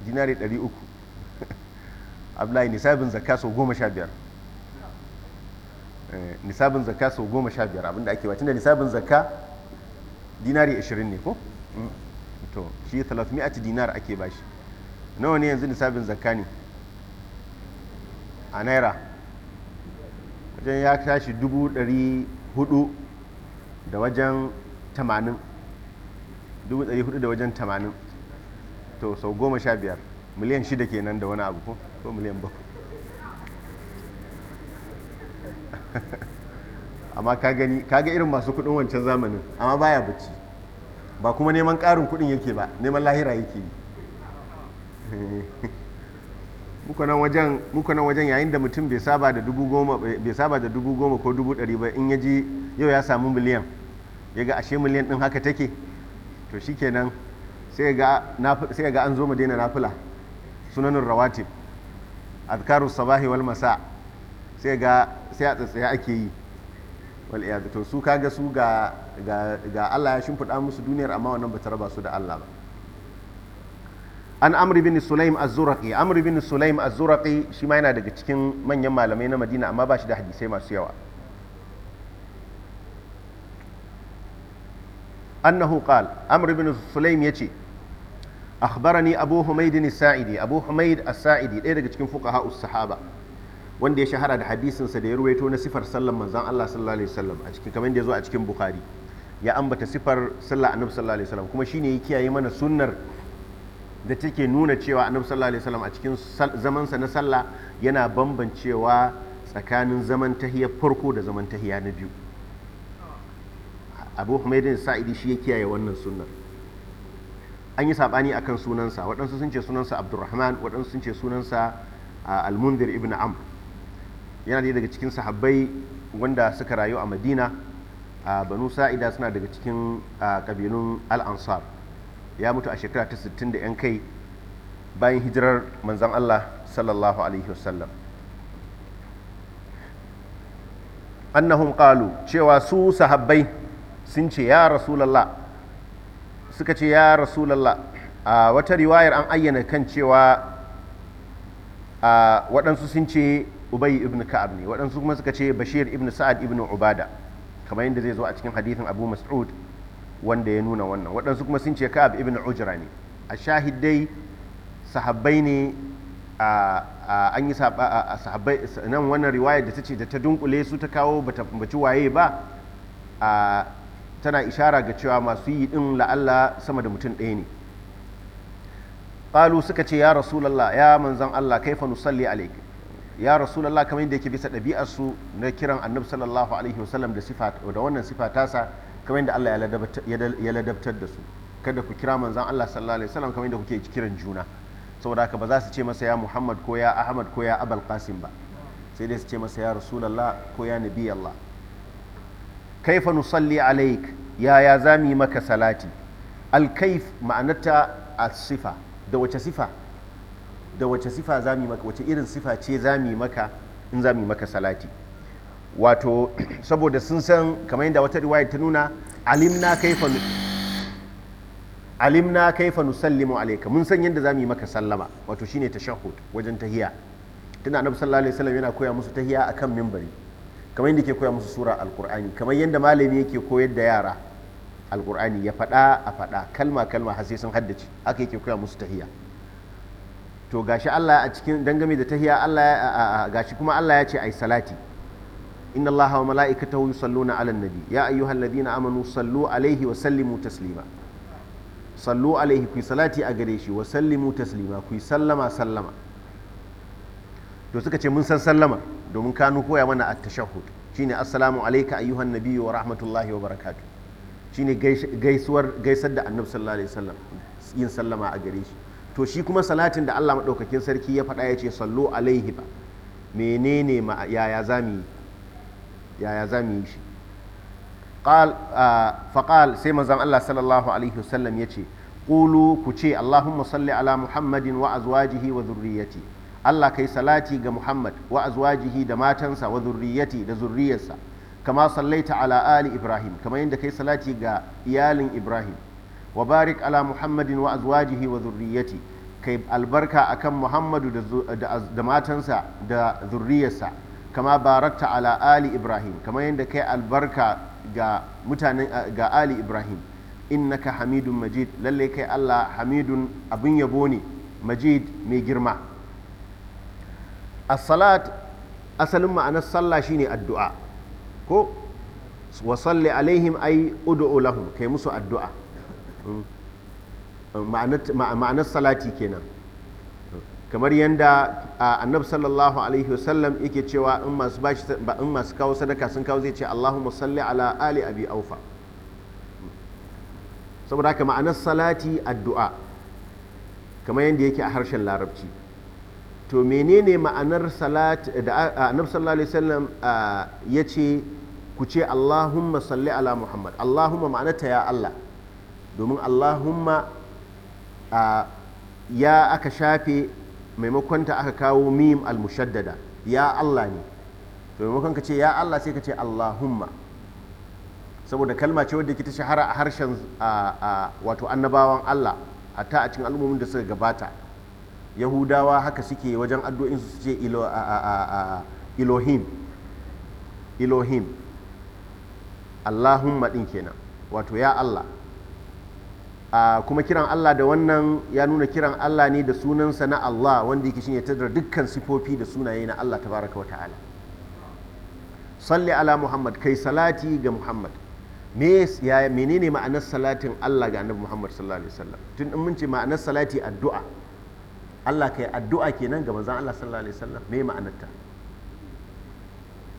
dinari 300 [laughs] abdullahi nisabin zakka sau goma sha biyar eh, nisabin zakka sau goma sha biyar abinda ake wacin da nisabin zakka dinari 20 ne ko mm. to shi 300 dinar ake bashi nawa ne yanzu nisabin zakani a naira wajen ya tashi dubu dari hudu da wajen tamanin dubu dari hudu da wajen tamanin to sau goma sha biyar miliyan shida kenan da wani abu ko miliyan bakwai [laughs] amma ka gani ka ga irin masu kudin wancan zamanin amma baya bacci ba kuma neman ƙarin kudin yake ba neman lahira yake yi Eh. muka nan wajen yayin da mutum bai saba da dubu goma ko dubu ɗari ba in ya ji yau ya samu miliyan ya ga ashe miliyan ɗin haka take to shikenan sai ya ga an zo madina nafila sunanin rawatib adkarus sabahi wal masa sai ga sai a tsatsaya ake yi wal to su kaga su ga Allah ya shimfiɗa musu duniyar amma wannan bata raba su da Allah ba an amri bin sulaim az-zuraqi amri bin sulaim az-zuraqi shi ma yana daga cikin manyan malamai na madina amma ba shi da hadisai masu yawa annahu qal Amri bin sulaim yace akhbarani abu humayd as-sa'idi abu humayd as-sa'idi ɗaya daga cikin fuqaha us-sahaba wanda ya shahara da hadisin sa da ya ruwaito na sifar sallan manzon Allah sallallahu alaihi wasallam a cikin kamar da zo a cikin bukhari ya ambata sifar annabi sallallahu alaihi wasallam kuma shine ya kiyaye mana sunnar da take nuna cewa annabi sallallahu alaihi wasallam a cikin zamansa na sallah yana bambancewa tsakanin zaman tahiyar farko da zaman tahiya na biyu abu humaydin sa'idi shi ya kiyaye wannan sunna an yi sabani akan sunansa waɗansu sun ce sunansa abdurrahman waɗansu sun ce sunansa almundir ibn am yana da daga cikin sahabbai wanda suka rayu a madina banu sa'ida suna daga cikin kabilun al-ansar ya mutu a shekara ta 60 da 'yan kai bayan hijirar manzan Allah sallallahu alaihi wasallam annahum qalu cewa su sahabbai sun ce ya rasulallah suka ce ya rasulallah a wata riwayar an ayyana kan cewa a waɗansu sun ce ubay ibn ka'ab ne waɗansu kuma suka ce bashir ibn sa'ad ibn ubada kamar yadda zai zo a cikin hadithin abu mas'ud wanda ya nuna wannan waɗansu kuma sun ce ka'ab ibn ujra ne a shahidai sahabbai ne an yi sahabbai nan wannan riwayar da ta ce da ta dunkule su ta kawo bata baci waye ba tana ishara ga cewa masu yi din la'alla sama da mutum ɗaya ne ƙalu suka ce ya rasulallah ya manzan allah kaifa nusalli alaik ya rasulallah kamar yadda yake bisa ɗabi'arsu na kiran annabi sallallahu alaihi wasallam da wannan sifa tasa kamar yadda Allah ya ladabtar da su kada ku kira manzan Allah sallallahu alaihi wasallam kamar yadda kuke kiran juna saboda haka ba za su ce masa ya Muhammad ko ya Ahmad ko ya Abul Qasim ba sai dai su ce masa ya Rasulullah ko ya Nabi Allah kaifa nusalli alaik ya ya zami maka salati alkaif ma'anata as-sifa da wace sifa da wace sifa zami maka wace irin sifa ce zami maka in zami maka salati wato saboda sun san kamar yadda wata riwaya ta nuna alimna kaifa alimna kaifa nusallimu alayka mun san yadda zamu yi maka sallama wato shine tashahhud wajen tahiya tunda annabi sallallahu alaihi wasallam yana koya musu tahiya akan minbari kamar yadda ke koya musu sura alqur'ani kamar yadda malami yake koyar da yara alqur'ani ya faɗa a faɗa kalma kalma har sai sun haddace haka yake koya musu tahiya to gashi Allah a cikin dangane da tahiya Allah gashi kuma Allah ya ce ai salati إن الله وملائكته يصلون على النبي يا ya الذين amanu صلوا عليه wa sallimu taslima عليه alaihi صلاة salati a gare shi wa sallimu taslima من sallama sallama to suka ce mun san sallama domin kanu koya mana النبي ورحمة الله وبركاته شيني ayyuhan nabiyyu wa rahmatullahi wa barakatuh shine gaisuwar gaisar da annabi to shi kuma salatin da Allah madaukakin sarki ya faɗa ya ce sallu alaihi ba menene yaya zamu yi yaya za mu yi shi faƙal sai manzan Allah sallallahu alaihi wasallam ya ce ƙulu ku ce Allahumma salli ala Muhammadin wa azwajihi wa zurriyati Allah kai salati ga Muhammad wa azwajihi da matansa wa zurriyati da zurriyarsa kama sallaita ala ali Ibrahim kama yadda kai salati ga iyalin Ibrahim wa barik ala Muhammadin wa azwajihi wa zurriyati kai albarka akan Muhammadu da matansa da zurriyarsa kama barakta ala ali ibrahim kama yadda kai albarka ga mutanen ga ali ibrahim innaka hamidun majid lalle kai allah hamidun abin yabo ne majid mai girma as-salat asalin ma'anar sallah shine addu'a ko wa salli alaihim ai ud'u lahum kai musu addu'a hmm. ma'anar salati kenan kamar yadda annab sallallahu alaihi wasallam yake cewa in masu bashi ba in masu kawo sadaka sun kawo zai ce Allahumma salli ala ali abi aufa saboda haka ma'anar salati addu'a kamar yadda yake a harshen larabci to menene ma'anar salat da annab sallallahu alaihi wasallam ya ce ku ce Allahumma salli ala Muhammad Allahumma ma'anarta ya Allah domin Allahumma ya aka shafe maimakon ta aka kawo mim al-mushaddada ya Allah ne to maimakon ka ce ya Allah sai ka ce Allahumma saboda kalma ce wadda ke ta shahara a harshen wato annabawan Allah hatta a cikin al'ummomin da suka gabata yahudawa haka suke wajen addu'in su ce Elohim, Elohim allahumma din kenan wato ya Allah kuma kiran Allah da wannan ya nuna kiran Allah ne da sunansa na Allah wanda yake shine tattara dukkan sifofi da sunaye na Allah tabaraka wata'ala salli ala Muhammad kai salati ga Muhammad me ya menene ma'anar salatin Allah ga Annabi Muhammad sallallahu alaihi wasallam tun in mun ce ma'anar salati addu'a Allah kai addu'a kenan ga manzon Allah sallallahu alaihi wasallam me ma'anarta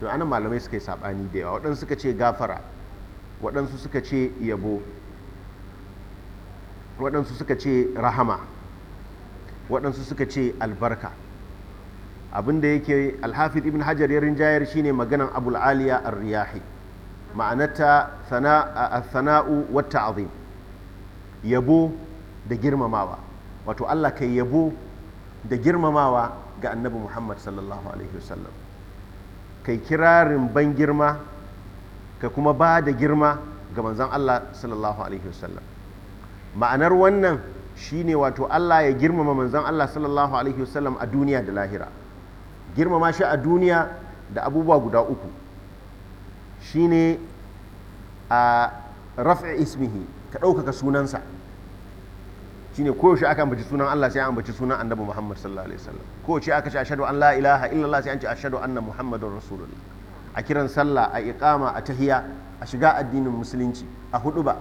to anan malamai suka yi sabani da yawa waɗansu suka ce gafara waɗansu suka ce yabo waɗansu suka ce rahama waɗansu suka ce albarka abinda yake alhafiz ibn hajar ya rinjayar shine maganan abul aliya ar-riyahi ma'anata sana'u wata azim yabo da girmamawa wato allah kai yabo da girmamawa ga annabi muhammad sallallahu alaihi wasallam kai kirarin ban girma ka kuma ba da girma ga manzon allah sallallahu alaihi wasallam ma'anar wannan shine wato Allah ya girmama manzon Allah sallallahu alaihi wasallam a duniya da lahira girmama shi a duniya da abubuwa guda uku shine a raf'i ismihi ka ɗaukaka sunansa shine koyaushe aka ambaci sunan Allah sai an ambaci sunan annabi Muhammad sallallahu alaihi wasallam koyaushe aka ce ashhadu an la ilaha illallah sai an ce ashhadu anna muhammadun rasulullah a kiran sallah a iqama a tahiya a shiga addinin musulunci a huduba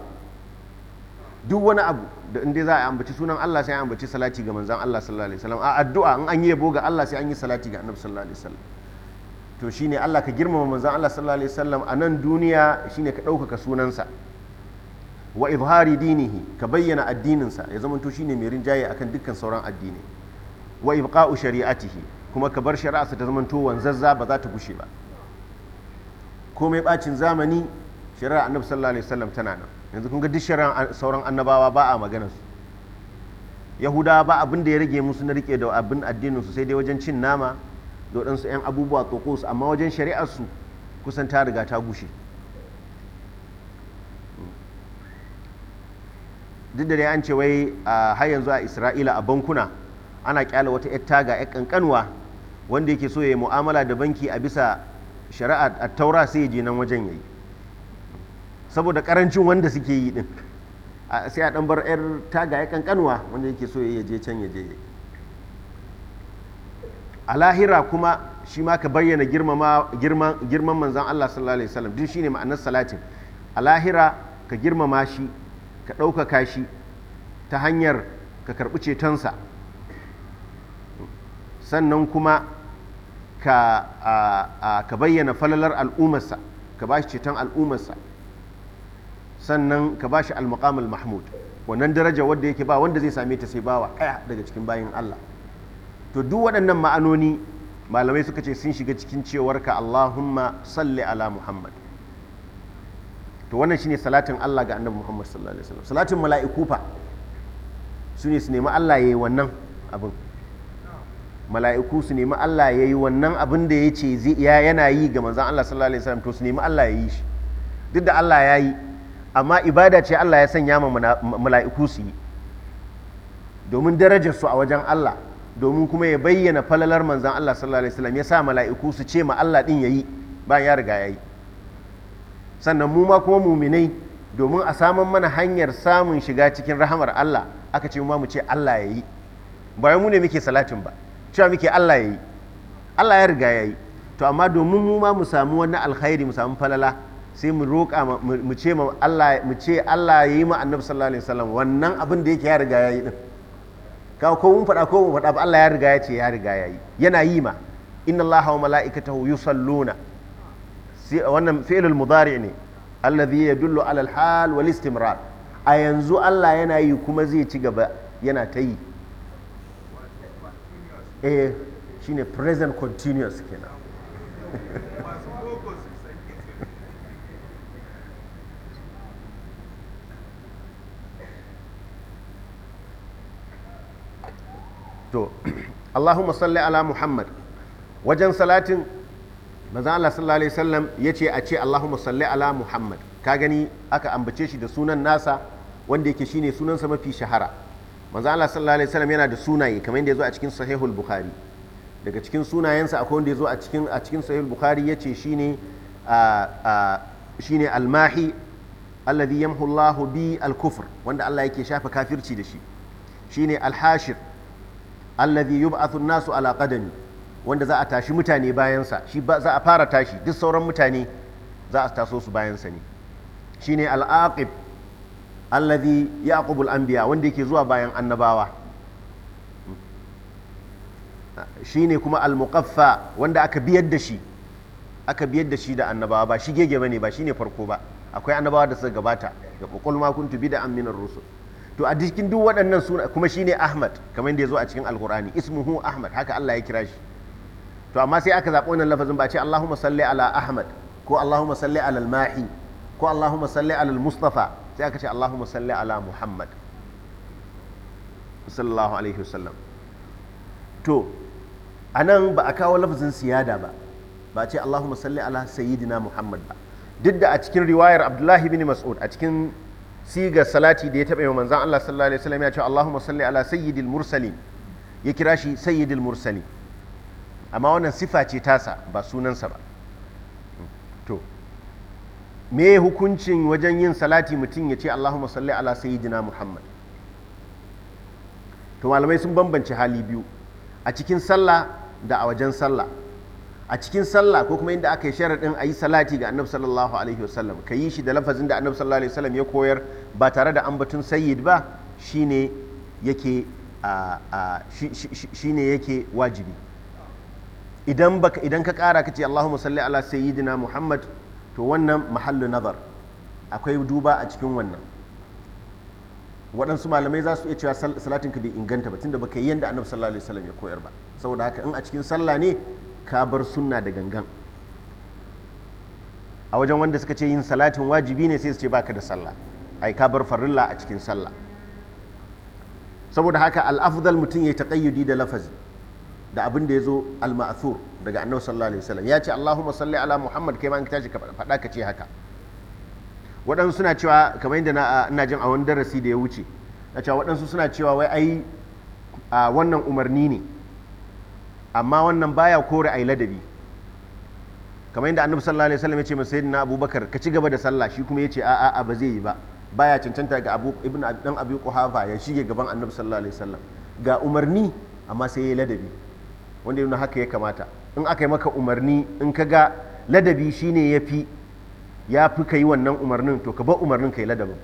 duk wani abu da inda za a ambaci sunan Allah sai a ambaci salati ga manzan Allah sallallahu alaihi wasallam a addu'a in an yi yabo ga Allah sai an yi salati ga annabi sallallahu alaihi wasallam to shine Allah ka girmama manzan Allah sallallahu alaihi wasallam a nan duniya shine ka ɗaukaka sunansa wa izhari dinihi ka bayyana addininsa ya zamanto to shine mai rinjaye akan dukkan sauran addini wa ibqa'u shari'atihi kuma ka bar shari'arsa ta zama to wanzazza ba za ta gushe ba komai bacin zamani shari'ar annabi sallallahu alaihi wasallam tana nan yanzu kun ga duk sauran annabawa ba a maganar su yahudawa ba abin da ya rage musu na rike da abin addinin su sai dai wajen cin nama da waɗansu 'yan abubuwa su amma wajen shari'ar su kusan ta riga ta gushe duk da dai an ce wai har yanzu a isra'ila a bankuna ana kyala wata 'yar taga 'yar kankanwa wanda yake so ya yi mu'amala da banki a bisa shari'a a taura sai ya je nan wajen yayi saboda karancin wanda suke yi din sai a ɗan bar 'yar ya kankanwa wanda yake so ya je can ya je a lahira kuma shi ma ka bayyana girman manzan Allah sallallahu alaihi wasallam din shine ma'anar salatin a lahira ka girmama shi ka ɗaukaka shi ta hanyar ka karɓi cetonsa sannan kuma ka bayyana falalar al'ummarsa ka ba shi ceton al'ummarsa sannan ka bashi al-maqam mahmud wannan daraja wanda yake ba wanda zai same ta sai bawa ɗaya daga cikin bayin Allah to duk waɗannan ma'anoni malamai suka ce sun shiga cikin cewar ka Allahumma salli ala Muhammad to wannan shine salatin Allah ga Annabi Muhammad sallallahu alaihi wasallam salatin mala'iku fa su ne su nemi Allah yayi wannan abin mala'iku su nemi Allah yayi wannan abin da ya yana yi ga manzon Allah sallallahu alaihi wasallam to su nemi Allah ya yi shi duk da Allah ya yi amma ibada ce Allah ya sanya ma mala'iku su yi domin darajar su a wajen Allah domin kuma ya bayyana falalar manzan Allah sallallahu alaihi wasallam ya sa mala'iku su ce ma Allah din yayi bayan ya riga yayi sannan mu ma kuma muminai domin a saman mana hanyar samun shiga cikin rahamar Allah aka ce mu ma mu ce Allah yayi ba mu ne muke salatin ba cewa muke Allah yayi Allah ya riga yayi to amma domin mu ma mu samu wani alkhairi mu samu falala sai mu roƙa mu ce Allah mu ce Allah yayi mu annabi sallallahu alaihi wasallam wannan abin da yake ya riga yayi din ka ko mun faɗa ko mun faɗa ba Allah ya riga ya ce ya riga yayi yana yi ma inna Allah wa mala'ikatahu yusalluna sai wannan fi'lul mudari ne alladhi yadullu ala al-hal wal istimrar a yanzu Allah yana yi kuma zai ci gaba yana ta yi eh shine present continuous kenan [laughs] to Allahumma salli ala Muhammad wajen salatin manzon Allah sallallahu alaihi wasallam ce a ce Allahumma salli ala Muhammad ka gani aka ambace shi da sunan nasa wanda yake shine sunansa mafi shahara manzon Allah sallallahu alaihi wasallam yana da sunaye kamar yadda zo a cikin sahihul bukhari daga cikin sunayensa akwai wanda zo a cikin a cikin sahihul bukhari ce shine a shine almahi alladhi yamhu allah bi al-kufr wanda Allah yake shafa kafirci da shi shine al-hashir alladhi yub'athu nasu ala qadami wanda za a tashi mutane bayansa shi za a fara tashi duk sauran mutane za a taso su bayansa ne shine al-aqib alladhi yaqubul anbiya wanda yake zuwa bayan annabawa shine kuma al-muqaffa wanda aka biyar da shi aka biyar da shi da annabawa ba shi gege bane ba shine farko ba akwai annabawa da suka gabata ga qul ma kuntu bid'an minar rusul to a cikin duk waɗannan suna kuma shine Ahmad kamar da ya zo a cikin Alkur'ani ismuhu Ahmad haka Allah ya kira shi to amma sai aka zaɓi wannan lafazin ba ce Allahumma salli ala Ahmad ko Allahumma salli ala al-Mahi ko Allahumma salli ala al-Mustafa sai aka ce Allahumma salli ala Muhammad sallallahu alaihi wasallam to anan ba a kawo lafazin siyada ba ba ce Allahumma salli ala sayyidina Muhammad ba duk da a cikin riwayar Abdullahi bin Mas'ud a cikin siga salati da ya taɓa yi manzan Allah sallallahu alaihi wasallam ya ce Allahumma salli ala sayyidil mursalin ya kira shi sayyidil mursalin amma wannan sifa ce tasa ba sunansa ba to me hukuncin wajen yin salati mutum ya ce Allahumma salli ala sayyidina Muhammad to malamai sun bambance hali biyu a cikin sallah da a wajen sallah a cikin sallah ko kuma inda aka yi sharaɗin a yi salati ga annabi sallallahu alaihi wasallam ka yi shi da lafazin da annabi sallallahu alaihi wasallam ya koyar ba tare da ambatun sayyid ba shine yake shine yake wajibi idan baka idan ka kara kace Allahumma salli ala sayyidina Muhammad to wannan mahallu nazar akwai duba a cikin wannan waɗansu malamai za su iya cewa salatin ka bai inganta ba tunda baka yi yadda annabi sallallahu alaihi wasallam ya koyar ba saboda haka in a cikin sallah ne ka bar sunna da gangan a wajen wanda suka ce yin salatin wajibi ne sai su ce baka da sallah ai ka bar farilla a cikin sallah saboda haka al'afdal mutum ya taƙayyudi da lafazi da abin da ya zo al-ma'thur daga annabi sallallahu alaihi wasallam ya ce Allahumma salli ala Muhammad kai ma in tashi ka faɗa ka ce haka waɗansu suna cewa kamar yadda na jin a wani darasi da ya wuce na cewa waɗansu suna cewa wai ai wannan umarni ne amma wannan baya kore yi ladabi kamar yadda annabi sallallahu alaihi wasallam ya ce masa sayyidina abubakar ka ci gaba da sallah shi kuma ya ce a'a a ba zai yi ba baya cancanta ga abu ibn dan abi quhafa ya shige gaban annabi sallallahu alaihi wasallam ga umarni amma sai ya ladabi wanda yana haka ya kamata in aka yi maka umarni in ka ga ladabi shine ya fi ya fi ka yi wannan umarnin to ka bar umarnin ka yi ladabin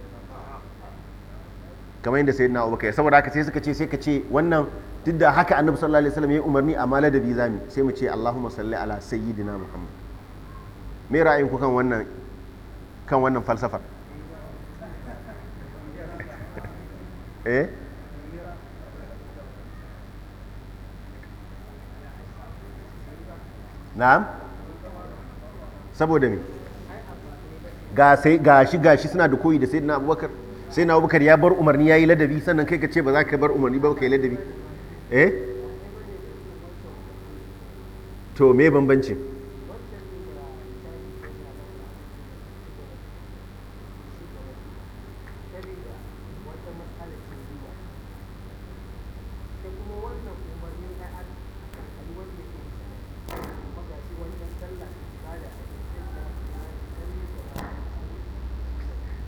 kamar yadda sayyidina abubakar saboda haka sai suka ce sai ka ce wannan duk da haka annabi sallallahu alaihi wasallam ya umarni amma ladabi zami sai mu ce Allahumma salli ala sayyidina Muhammad me ra'ayin ku kan wannan kan wannan falsafar [laughs] eh na'am saboda me ga sai gashi gashi suna da koyi da sayyidina Abubakar sayyidina Abubakar ya bar umarni yayi ladabi sannan kai ka ce ba za ka bar umarni ba ka yi ladabi eh to me bambanci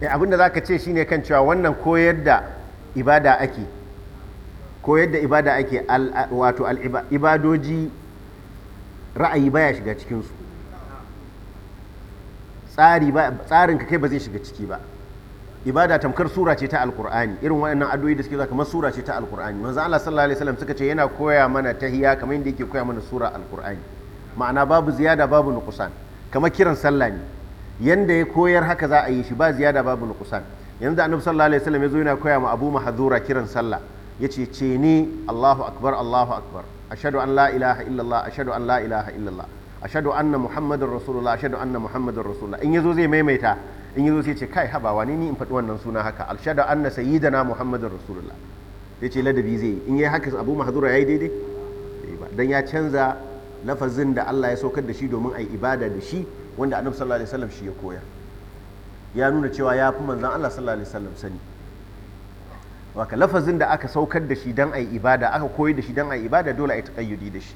eh, abinda za ka ce shine kan cewa wannan koyar da ibada ake ko yadda ibada ake wato ibadoji ra'ayi baya shiga cikinsu tsarin ka kai ba zai shiga ciki ba ibada tamkar sura ce ta alkur'ani irin waɗannan addu'o'i da suke zaka kamar sura ce ta alkur'ani manzo Allah sallallahu alaihi wasallam suka ce yana koya mana tahiyya kamar yadda yake koya mana sura alkur'ani ma'ana babu ziyada babu nuqsan kamar kiran sallah ne yanda ya koyar haka za a yi shi ba ziyada babu nuqsan yanzu annabi sallallahu alaihi wasallam ya zo yana koya ma Abu mahdura kiran sallah ya ce ce ni Allahu akbar Allahu akbar ashadu an la ilaha illallah ashadu an la ilaha illallah ashadu anna muhammadin rasulullah ashadu anna muhammadin rasulullah in yazo zai maimaita in yazo sai ce kai haba wani ni in faɗi wannan suna haka ashadu anna sayyidana muhammadin rasulullah ya ce ladabi zai yi in yayi haka abu mahzura yayi daidai ba dan ya canza lafazin da Allah ya saukar da shi domin a yi ibada da shi wanda annabi sallallahu alaihi wasallam shi ya koyar ya nuna cewa ya fi manzon Allah sallallahu alaihi wasallam sani waka lafazin da aka saukar da shi a yi ibada aka koyi da shi a yi ibada dole yi taqayyudi da shi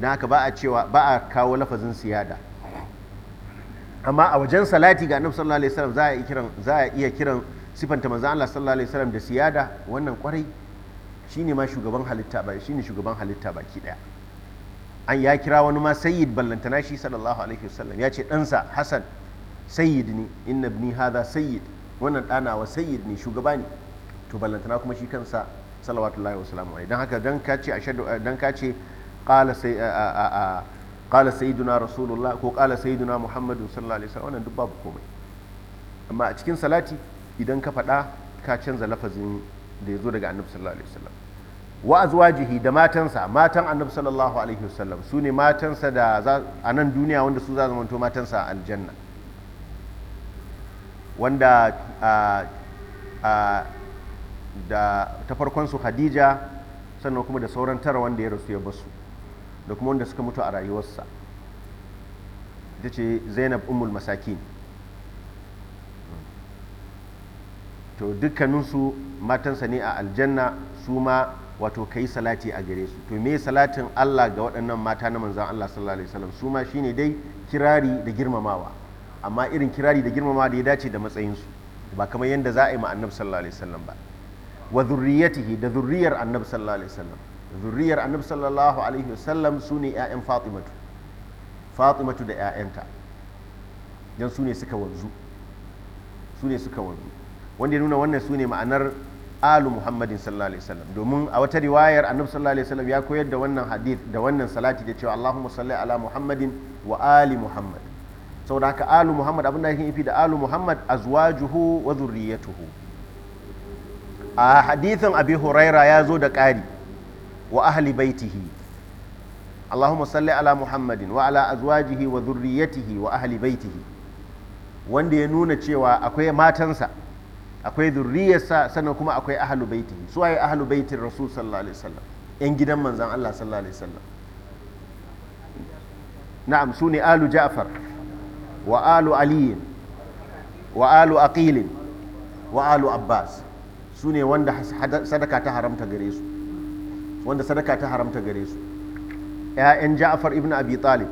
don haka ba a cewa ba a kawo lafazin siyada amma a wajen salati ga annabi sallallahu alaihi wasallam za a iya kiran za a iya kiran sifanta manzon Allah sallallahu alaihi wasallam da siyada wannan kwarai shine ma shugaban halitta ba shine shugaban halitta baki daya an ya kira wani ma sayyid ballantana shi sallallahu alaihi wasallam ya ce ɗansa hasan sayyid ne inna ibni hadha sayyid wannan ɗanawa sayyid ne shugaba ne to ballantana kuma shi kansa salawatullahi wasalamu alaihi Idan haka don kace ashadu don kace qala sai a qala sayyiduna rasulullah ko qala sayyiduna muhammadu sallallahu alaihi wasallam wannan duk babu komai amma a cikin salati idan ka faɗa ka canza lafazin da ya zo daga annabi sallallahu alaihi wasallam wa azwajihi da matansa matan annabi sallallahu alaihi wasallam su ne matansa da a nan duniya wanda su za zamanto matansa aljanna wanda a da ta farkon su Khadija sannan kuma da sauran tara wanda ya rasu ya basu da kuma wanda suka mutu a rayuwarsa ita ce Zainab umul Masakin to dukkaninsu matansa ne a aljanna su ma wato ka yi salati a gare su to me salatin Allah ga waɗannan mata na manzan Allah sallallahu alaihi wasallam su ma shine dai kirari da girmamawa amma irin kirari da girmamawa da ya dace da matsayinsu ba kamar yadda za a yi ma annabi sallallahu alaihi wasallam ba wa zurriyatihi da zurriyar annabi sallallahu alaihi wasallam zurriyar annabi sallallahu alaihi wasallam su ne ƴaƴan fatimatu fatimatu da 'ya'yanta don su ne suka wanzu su ne suka wanzu wanda ya nuna wannan su ne ma'anar alu muhammadin sallallahu alaihi wasallam domin a wata riwayar annabi sallallahu alaihi wasallam ya koyar da wannan hadith da wannan salati da cewa allahumma salli ala muhammadin wa ali muhammad saboda haka alu muhammad abin da yake nufi da alu muhammad azwajuhu wa zurriyatuhu a hadithin abi huraira ya zo da ƙari wa ahli baitihi allahumma salli ala muhammadin wa ala azwajihi wa zurriyatihi wa ahli baitihi wanda ya nuna cewa akwai matansa akwai zurriyarsa sannan kuma akwai ahlu baitihi su waye ahlu baitin rasul sallallahu alaihi wasallam yan gidan manzon Allah sallallahu alaihi wasallam na'am su alu ja'far wa alu aliyin wa alu aqilin wa alu abbas su ne wanda sadaka ta haramta gare su wanda sadaka ta haramta gare su ‘ya'yan ja'afar ibn abi talib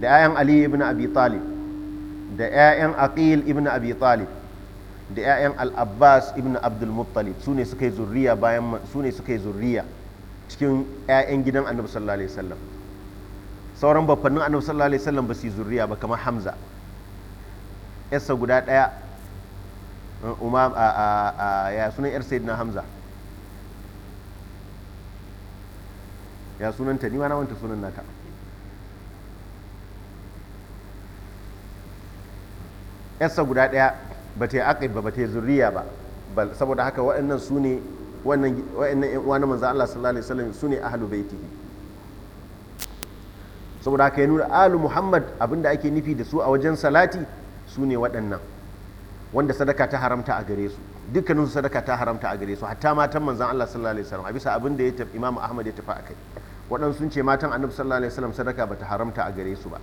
da ‘ya'yan ali ibn abi talib da ‘ya'yan aqil ibn abi talib da ‘ya'yan al'abbas ibn abdul muttalib su ne suka yi zurriya bayan su ne suka yi zurriya cikin ‘ya'yan gidan annabi sallallahu alaihi wasallam sauran bafannin annabi sallallahu alaihi wasallam ba su yi zurriya ba kamar hamza yasa guda ɗaya umam a ya sunan yar sayyidina hamza ya sunan ta na wanta sunan nata yarsa guda ɗaya ba ta yi aqib ba ba ta yi zurriya ba saboda haka waɗannan su ne waɗannan wani uwa na Allah sallallahu alaihi wasallam su ne bai baitihi saboda haka ya nuna alu muhammad abinda ake nufi da su a wajen salati su ne waɗannan wanda sadaka ta haramta a gare su dukkaninsu sadaka ta haramta a gare su hatta matan manzan Allah sallallahu alaihi wasallam a bisa abin da ya tafi Imam Ahmad ya tafi akai waɗansu sun ce matan Annabi sallallahu alaihi wasallam sadaka bata haramta a gare su ba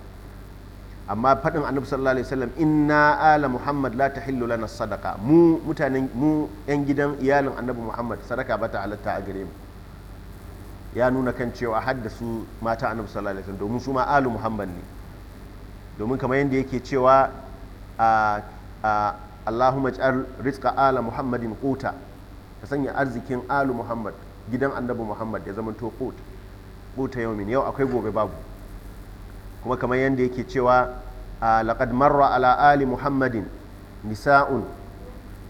amma faɗin Annabi sallallahu alaihi wasallam inna ala Muhammad la tahillu lana sadaka mu mutanen mu yan gidan iyalin Annabi Muhammad sadaka bata halatta a gare mu ya nuna kan cewa haddasu mata Annabi sallallahu alaihi wasallam domin su ma alu Muhammad ne domin kamar yadda yake cewa a Allahumma ij'al rizqa ala Muhammadin kota ka sanya arzikin alu Muhammad gidan annabi Muhammad ya zama to kota yau min yau akwai gobe babu kuma kamar yadda yake cewa laƙad marra ala ali Muhammadin nisa'un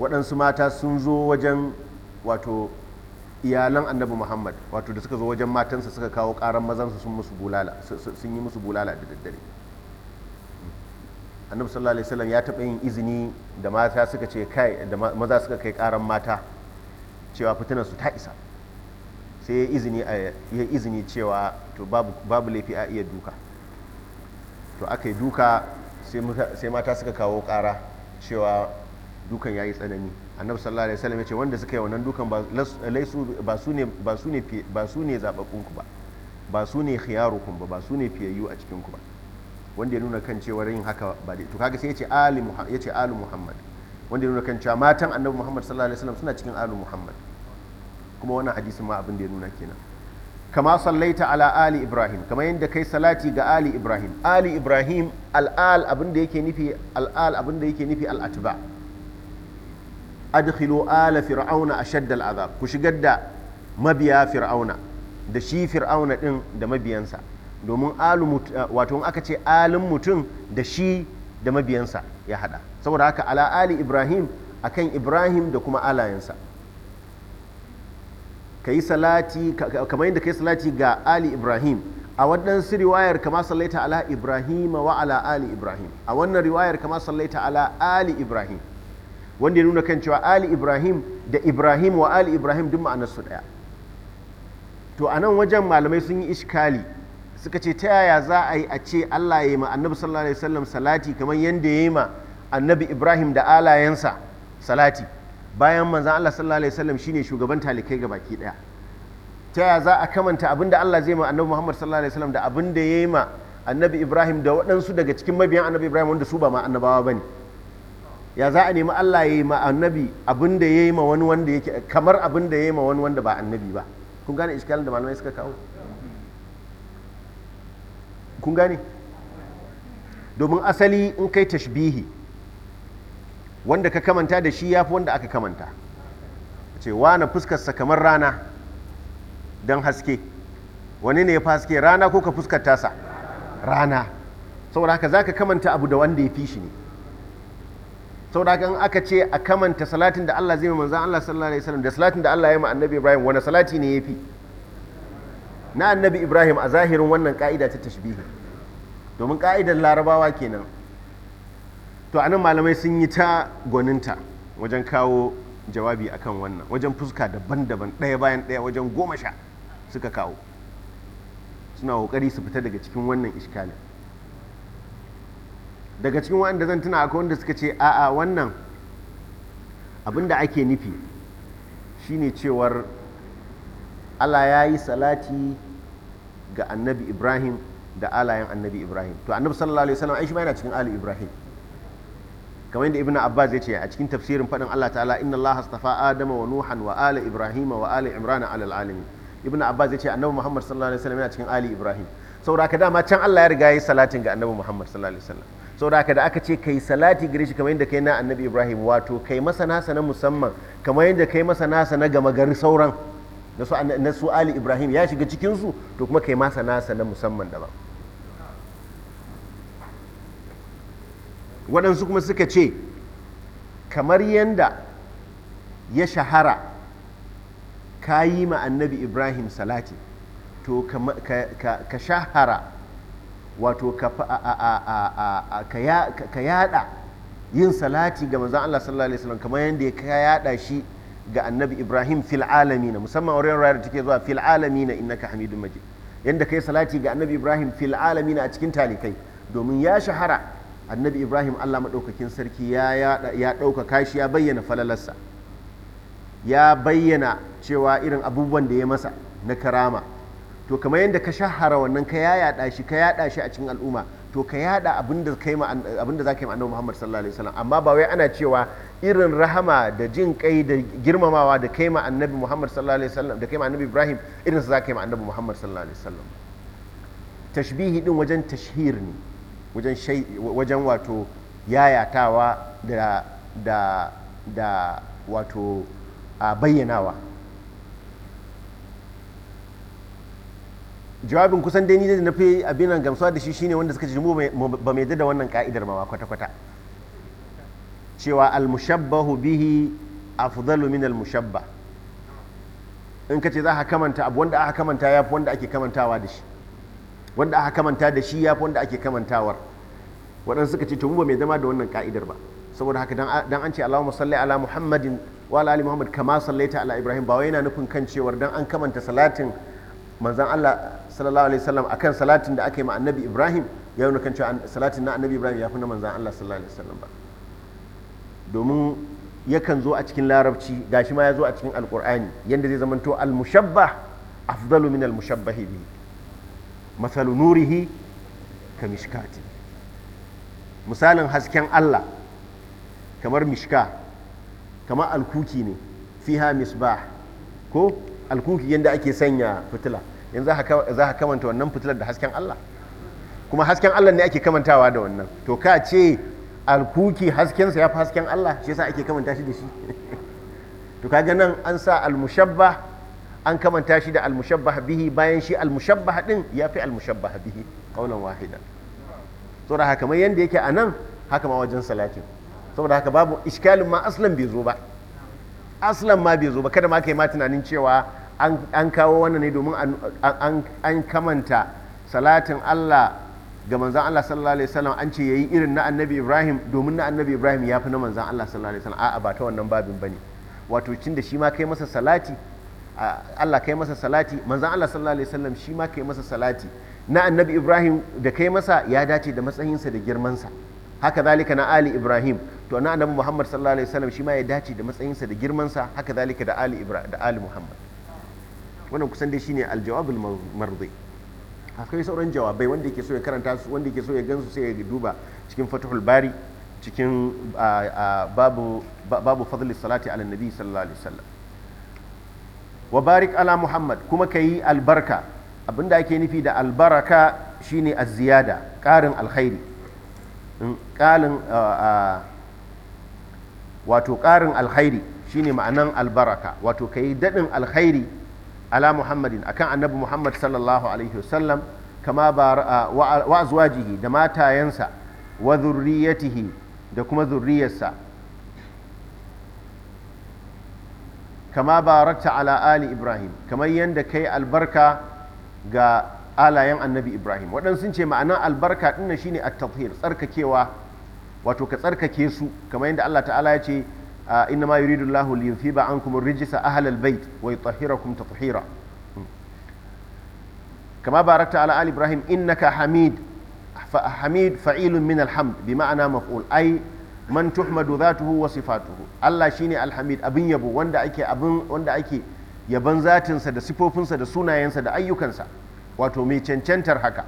waɗansu mata sun zo wajen wato iyalan annabi muhammad wato da suka zo wajen matansa suka kawo ƙaran mazansu sun musu bulala sun yi musu bulala da daddare annabi sallallahu alaihi wasallam ya taɓa yin izini da mata suka ce kai da maza suka kai karan mata cewa fitinar su ta isa sai ya izini ya izini cewa to babu babu laifi a iya duka to aka yi duka sai mata suka kawo kara cewa dukan ya yi tsanani annabi sallallahu alaihi wasallam ya ce wanda suka yi wannan dukan ba su ne ba su ne ba su ne zababbun ku ba ba su ne khiyarukum ba ba su ne fiyayyu a cikin ku ba wanda ya nuna kan cewa yin haka ba dai to kaga sai yace ali alu muhammad wanda ya nuna kan cewa matan annabi muhammad sallallahu alaihi wasallam suna cikin alu muhammad kuma wannan hadisi ma abin da ya nuna kenan kama sallaita ala ali ibrahim kama yadda kai salati ga ali ibrahim ali ibrahim al'al abin da yake nufi al'al abin da yake nufi al'atba adkhilu ala fir'auna ashadd al'azab ku shigar da mabiya fir'auna da shi fir'auna din da mabiyansa domin eh, wato aka ce alin mutum da shi da mabiyansa ya hada saboda haka ala ali ibrahim akan ibrahim da kuma alayensa ka yi salati kamar yadda ka yi salati ga ali ibrahim a waɗansu riwayar kama sallaita ala ibrahim wa ala ali ibrahim a wannan riwayar kama sallaita ala ali ibrahim wanda ya nuna kan cewa ali ibrahim da ibrahim wa ali ibrahim duk ma'anarsu daya to a nan wajen malamai sun yi ishkali suka ce ta yaya za a yi a ce Allah ya yi ma annabi sallallahu alaihi wasallam salati kamar yadda ya yi ma annabi Ibrahim da alayensa salati bayan manzan Allah sallallahu alaihi wasallam shine shugaban talikai ga baki daya ta yaya za a kamanta abinda Allah zai ma annabi Muhammad sallallahu alaihi wasallam da abinda ya yi ma annabi Ibrahim da waɗansu daga cikin mabiyan annabi Ibrahim wanda su ba ma annabawa bane ya za a nemi Allah ya yi ma annabi abinda ya yi ma wani wanda yake kamar abinda ya yi ma wani wanda ba annabi ba kun gane iskalin da malamai suka kawo kun gane domin asali in kai tashbihi wanda ka kamanta da shi ya fi wanda aka kamanta ce wane fuskarsa kamar rana don haske wani ne ya fi haske rana ko ka fuskar tasa rana saboda haka za ka kamanta abu da wanda ya fi shi ne saboda haka in aka ce a kamanta salatin da Allah zai manzan Allah sallallahu alaihi wasallam da salatin da Allah ya ma annabi Ibrahim wani salati ne ya fi na annabi ibrahim a zahirin wannan ka'ida ta tashbihi domin ka'idar larabawa kenan to anan malamai sun yi ta gwaninta wajen kawo jawabi akan wannan wajen fuska daban-daban ɗaya bayan ɗaya wajen goma sha suka kawo suna ƙoƙari su fita daga cikin wannan iskalin daga cikin wanda zan tuna akwai wanda suka ce a'a wannan abinda da ake nufi shine cewar allah ya yi salati ga annabi ibrahim da alayen annabi ibrahim to annabi sallallahu alaihi wasallam ai shi ma yana cikin ali ibrahim kamar yadda ibnu abbas ya ce a cikin tafsirin fadin allah ta'ala inna allaha astafa adama wa nuhan wa Ali ibrahim wa Ali imran ala alamin ibnu abbas ya ce annabi muhammad sallallahu alaihi wasallam yana cikin ali ibrahim saboda ka dama can allah ya riga yi salatin ga annabi muhammad sallallahu alaihi wasallam saboda ka da aka ce kai salati gare shi kamar yadda kai na annabi ibrahim wato kai masa nasa na musamman kamar yadda kai masa nasa na gama gari sauran na su ali ibrahim ya shiga cikinsu to kuma kai masa nasa na musamman daban waɗansu kuma suka ce kamar yadda ya shahara ka yi ma annabi ibrahim salati to ka shahara wato ka yada yin salati ga manzon Allah sallallahu alaihi wasallam kamar yadda ka yada shi ga annabi ibrahim fil alamina musamman wurin rayar take zuwa fil alamina innaka hamidu Yadda yanda yi salati ga annabi ibrahim fil alamina a cikin talikai domin ya shahara annabi ibrahim allah maɗaukakin sarki ya ɗaukaka shi ya bayyana falalarsa ya bayyana cewa irin abubuwan da ya masa na karama to kamar yadda ka shahara wannan ka yaɗa shi ka yaɗa shi a cikin al'umma to ka yaɗa abin da za ka yi ma annabi muhammad sallallahu alaihi wasallam amma ba wai ana cewa irin rahama da jin kai da girmamawa da kai ma annabi Muhammad sallallahu alaihi wasallam da kai ma annabi Ibrahim irin sa ka yi ma annabi Muhammad sallallahu alaihi wasallam tashbihi din wajen tashhir ne wajen wajen wato yayatawa da da da wato a bayyanawa jawabin kusan dai ni da na fi abinan gamsuwa da shi shine wanda suka ce mu ba mai da wannan ka'idar ma kwata-kwata cewa al-mushabbahu bihi afdalu min al-mushabba in ka ce za ka kamanta abu wanda aka kamanta ya fi wanda ake kamantawa da shi wanda aka kamanta da shi ya fi wanda ake kamantawar waɗansu suka ce to mu ba mai zama da wannan ka'idar ba saboda haka dan an ce Allahumma salli ala Muhammadin wa ala ali Muhammad kama sallaita ala Ibrahim ba wai yana nufin kan cewar dan an kamanta salatin manzon Allah sallallahu alaihi wasallam akan salatin da aka yi ma Annabi Ibrahim ya nuna kan cewa salatin na Annabi Ibrahim ya fi na manzon Allah sallallahu alaihi wasallam ba domin yakan zo a cikin larabci Ga shi ma ya zo a cikin alkur'ani yadda zai zamanto al mushabba afdalu min al-mushabbahi bihi masalu nurihi ka mishkati misalin hasken Allah kamar mishka kamar alkuki ne fiha misbah ko alkuki yadda ake sanya fitila yanzu za ka kamanta wannan fitilar da hasken Allah kuma hasken Allah ne ake kamantawa da wannan to ka ce alkuki haskensa ya fi hasken Allah shi yasa ake kamanta shi da shi [laughs] to kaga nan an sa almushabbah an kamanta shi da almushabbah bihi bayan shi almushabbah din ya fi almushabbah bihi qaulan wahida saboda haka kamar yanda yake a nan haka ma wajen salatin saboda haka babu iskalin ma aslan bai zo ba aslan ma bai zo ba kada ma kai ma tunanin cewa an kawo wannan ne domin an kamanta salatin Allah ga manzan Allah sallallahu alaihi wasallam an ce yayi irin na annabi Ibrahim domin na annabi Ibrahim ya fi na manzan Allah sallallahu alaihi wasallam a'a ba ta wannan babin bane wato cin da shi ma kai masa salati Allah kai masa salati manzan Allah sallallahu alaihi wasallam shi ma kai masa salati na annabi Ibrahim da kai masa ya dace da matsayinsa da girmansa haka zalika na Ali Ibrahim to na annabi Muhammad sallallahu alaihi wasallam shi ma ya dace da matsayinsa da girmansa haka zalika da Ali Ibrahim da Ali Muhammad wannan kusan dai shine aljawabul mardi akwai sauran jawabai wanda yake so ya karanta su wanda yake so ya gansu sai ya duba cikin fatahul bari cikin babu babu fadlis salati ala nabi sallallahu alaihi wasallam wa barik ala muhammad kuma kayi albarka abinda ake nufi da albaraka shine az-ziyada ƙarin alkhairi ƙalin wato ƙarin alkhairi shine ma'anan albaraka wato kayi daɗin alkhairi ala muhammadin akan annabi muhammad sallallahu alaihi wasallam kama ba wa azwajihi da matayensa wa zurriyatihi da kuma zurriyarsa kama barakta ala ali ibrahim kamar yadda kai albarka ga alayen annabi ibrahim waɗansu sun ce ma'anan albarka ɗin shine at-tathhir tsarkakewa wato ka tsarkake su kamar yadda Allah ta'ala ya ce inna ma yuridu Allahu li yuthiba ankum ar-rijsa ahla al-bayt wa yutahhirakum tathhira kama barakta ala ali ibrahim innaka hamid hamid fa'ilun min alhamd bi ma'ana maf'ul ai man tuhmadu dhatuhu wa sifatuhu Allah shine alhamid abin yabo wanda ake abin zatinsa da sifofinsa da sunayensa da ayyukansa wato mai cancantar haka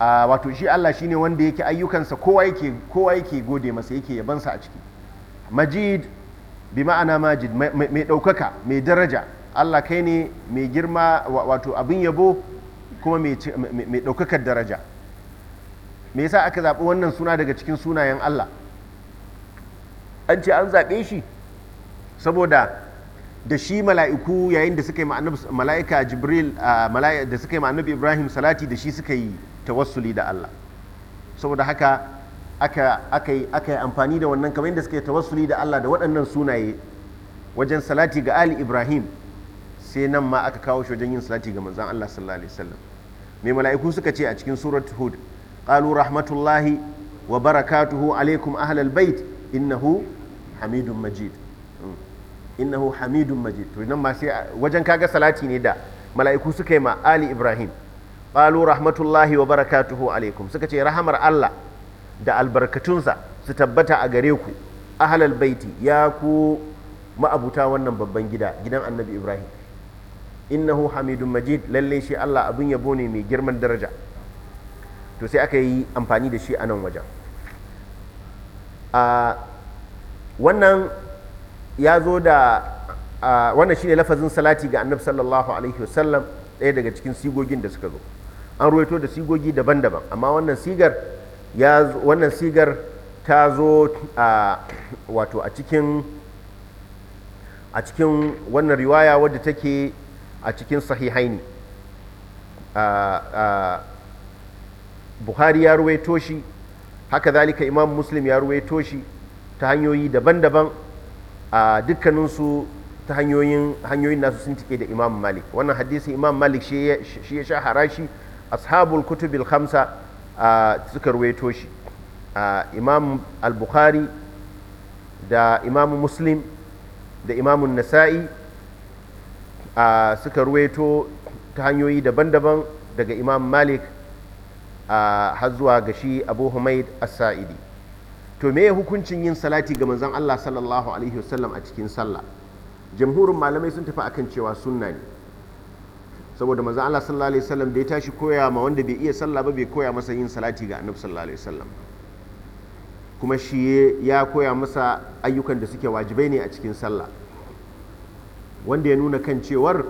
wato shi Allah shine wanda yake ayyukansa kowa yake kowa yake gode masa yake yabansa a ciki majid bi ma'ana majid mai ɗaukaka mai daraja allah kai ne mai girma wato abin yabo kuma mai ɗaukakar daraja me yasa aka zaɓi wannan suna daga cikin sunayen allah an ce an zaɓe shi saboda da shi mala'iku yayin da suka yi mala'ika jibril da suka yi annabi ibrahim salati da shi suka yi tawassuli da allah saboda haka aka yi amfani da wannan kamar yadda suka yi tawassuli da Allah da waɗannan sunaye wajen salati ga Ali Ibrahim sai nan ma aka kawo shi wajen yin salati ga manzon Allah sallallahu alaihi wasallam mai mala'iku suka ce a cikin surat Hud qalu rahmatullahi wa barakatuhu alaikum ahlal bait innahu hamidun majid hmm. innahu hamidun majid to nan ma sai wajen kaga salati ne da mala'iku suka yi ma Ali Ibrahim qalu rahmatullahi wa barakatuhu alaikum suka ce rahamar Allah da albarkatunsa su tabbata a gare ku ahalal baiti ya ku ma'abuta wannan babban gida gidan annabi ibrahim innahu hamidun majid lalle shi allah abin yabo ne mai girman daraja to sai aka yi amfani da shi a nan wajen wannan ya zo da wannan shi ne lafazin salati ga annabi sallallahu alaihi wasallam ɗaya daga cikin sigogin da suka zo an ruwaito da sigogi daban-daban amma wannan sigar ya wannan sigar ta zo a wato a cikin a cikin wannan riwaya wadda take a cikin sahihaini buhari ya ruwaito shi haka zalika imam muslim ya ruwaito shi ta hanyoyi daban-daban a dukkaninsu ta hanyoyin hanyoyin nasu sun tike da imam malik wannan hadisi imam malik shi ya sha harashi ashabul kutubil khamsa a suka ruwaito shi imam al-bukhari da imam muslim da imam nasa'i suka ruwaito ta hanyoyi daban-daban daga imam malik har zuwa ga shi abu humaid as-sa'idi to me hukuncin yin salati ga manzon allah sallallahu alaihi wasallam a cikin sallah jamhurin malamai sun tafi akan cewa sunna ne saboda manzon Allah sallallahu alaihi wasallam da ya tashi koya ma wanda bai iya sallah ba bai koya masa yin salati ga annabi sallallahu alaihi wasallam kuma shi ya koya masa ayyukan da suke wajibai ne a cikin sallah wanda ya nuna kan cewar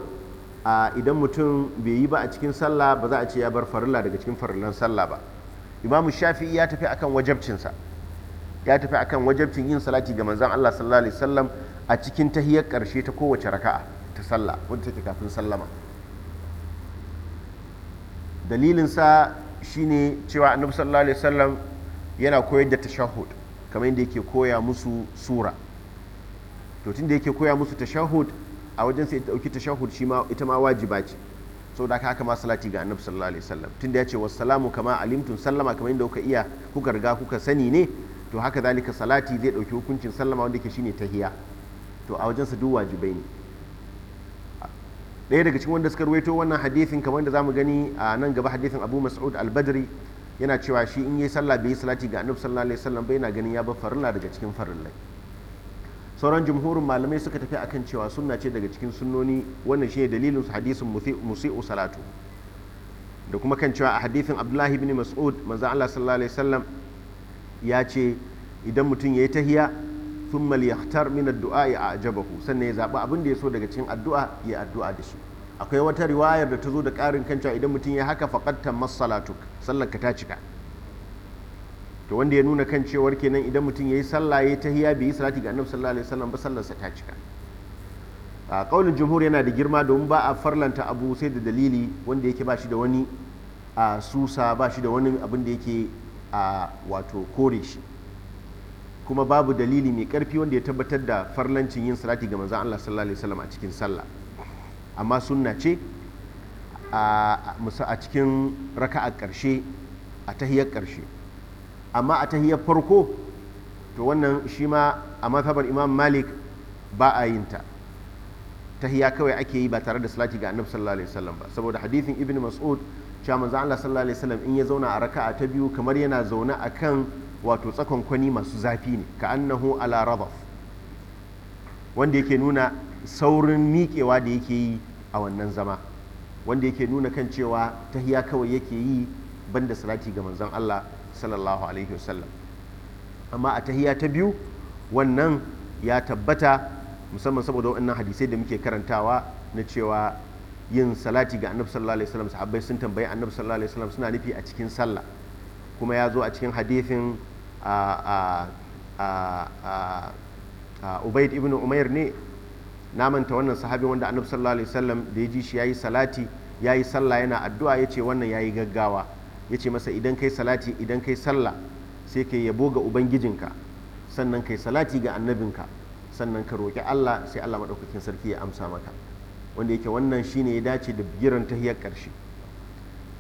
idan mutum bai yi ba a cikin sallah ba za a ce ya bar farilla daga cikin farillan sallah ba imamu shafi'i ya tafi akan wajabcinsa ya tafi akan wajabcin yin salati ga manzon Allah sallallahu alaihi wasallam a cikin tahiyar karshe ta kowace raka'a ta sallah wanda take kafin sallama dalilinsa ne cewa annabi sallallahu alaihi wasallam yana koyar da tashahud kamar yadda yake koya musu sura to tun da yake koya musu tashahud a wajen sai dauki tashahud shi ma ita ma wajiba ce da haka ma salati ga annabi sallallahu alaihi wasallam ya ce wassalamu kama alimtum sallama kamar yadda kuka iya kuka riga kuka sani ne to haka zalika salati zai dauki hukuncin sallama wanda yake shine tahiya to a wajen sa duk wajibai ne ɗaya daga cikin wanda suka ruwaito wannan hadithin kamar da zamu gani a nan gaba hadithin Abu Mas'ud al-Badri yana cewa shi in yi sallah bai yi salati ga Annabi sallallahu alaihi wasallam bai yana ganin ya bar farilla daga cikin farillai sauran jumhurin malamai suka tafi akan cewa sunna ce daga cikin sunnoni wannan shine dalilin su hadisin musi'u salatu da kuma kan cewa a hadithin Abdullahi ibn Mas'ud manzo Allah sallallahu alaihi wasallam ya ce idan mutum yayi tahiya Sun min addu'a ya ثم sannan ya الدعاء abin ya ya so daga cikin addua ya addu'a da shi akwai wata riwayar da ta zo da ƙarin kanta idan mutum ya haka faƙad tammas sallar ka ta cika to wanda ya nuna kan cewar kenan idan mutum ya yi sallah yayi tahiyya bai yi salati ga annabi sallallahu alaihi wasallam ba sa ta cika a kaulin jumhur yana da girma domin ba a farlanta abu sai da dalili wanda yake ba shi da wani a susa ba shi da wani abin da yake a wato kore shi kuma babu dalili mai karfi wanda ya tabbatar da farlancin yin salati ga manzon Allah sallallahu alaihi wasallam a cikin sallah amma sunna ce a cikin raka'a karshe a tahiyar karshe amma a tahiyar farko to wannan shi ma a mazhabar Imam Malik ba a yin ta tahiya kawai ake yi ba tare da salati ga Annabi sallallahu alaihi wasallam ba saboda hadithin Ibn Mas'ud cewa manzon Allah sallallahu alaihi wasallam in ya zauna a raka'a ta biyu kamar yana zaune akan wato tsakon kwani masu zafi ne ka annahu ala rabaf wanda yake nuna saurin miƙewa da yake yi a wannan zama wanda yake nuna kan cewa tahiya kawai yake yi banda salati ga manzon Allah sallallahu alaihi wasallam amma a tahiya ta biyu wannan ya tabbata musamman saboda wannan hadisai da muke karantawa na cewa yin salati ga annabi sallallahu alaihi wasallam sahabbai sun tambayi annabi sallallahu alaihi wasallam suna nufi a cikin sallah kuma ya zo a cikin hadithin ubaid ibn umair ne na manta wannan sahabin wanda annabi sallallahu alaihi wasallam da ya ji shi yayi salati yayi sallah yana addu'a yace wannan yayi gaggawa yace masa idan kai salati idan kai sallah sai kai yabo ga ubangijinka sannan kai salati ga annabinka sannan ka roƙi Allah sai Allah madaukakin sarki ya amsa maka wanda yake wannan shi ne ya dace da giran tahiyar ƙarshe.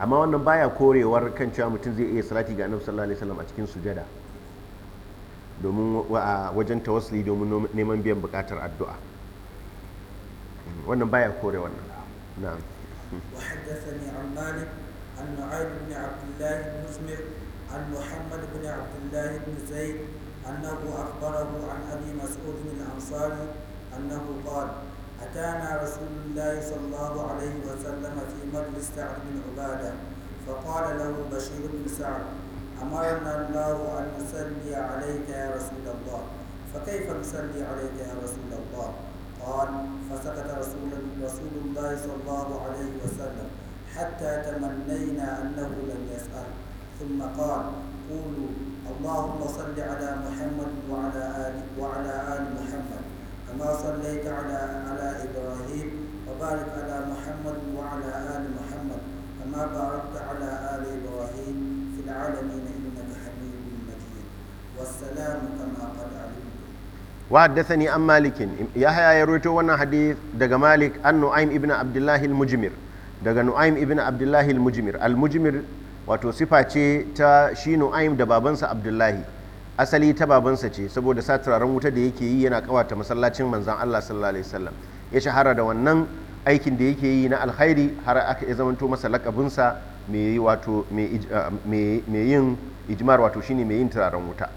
amma wannan baya korewar kan cewa mutum zai iya salati ga annabi sallallahu alaihi wasallam a cikin sujada domin wajen tawassuli domin neman biyan buƙatar addu'a wannan baya kore wannan na'am wa haddathani an malik an nu'ayb ibn abdullah ibn muzmir an muhammad ibn abdullah ibn zayd annahu akhbarahu an abi mas'ud min al-ansari annahu qala أتانا رسول الله صلى الله عليه وسلم في مجلس سعد بن عبادة فقال له بشير بن سعد أمرنا الله أن نصلي عليك يا رسول الله فكيف نصلي عليك يا رسول الله قال فسكت رسول رسول الله صلى الله عليه وسلم حتى تمنينا أنه لم يسأل ثم قال قولوا اللهم صل على محمد وعلى آل وعلى آل محمد كما صليت على على إبراهيم وبارك على محمد وعلى آل محمد كما باركت على آل إبراهيم في العالمين إنك حميد مجيد والسلام كما قد علمتم وحدثني عن مالك يحيى يروي وانا حديث دغ مالك عن نعيم ابن عبد الله المجمر دغ نعيم ابن عبد الله المجمر المجمر mujmir wato sifa ce ta shi nu'aim da babansa abdullahi asali ta babansa ce saboda sa turaren wuta da yake yi yana kawata masallacin manzan Allah sallallahu alaihi wasallam ya shahara da wannan aikin da yake yi na alkhairi har aka ya zamanto masa lakabinsa mai wato ah, yin ijmar wato shine mai yin turaren wuta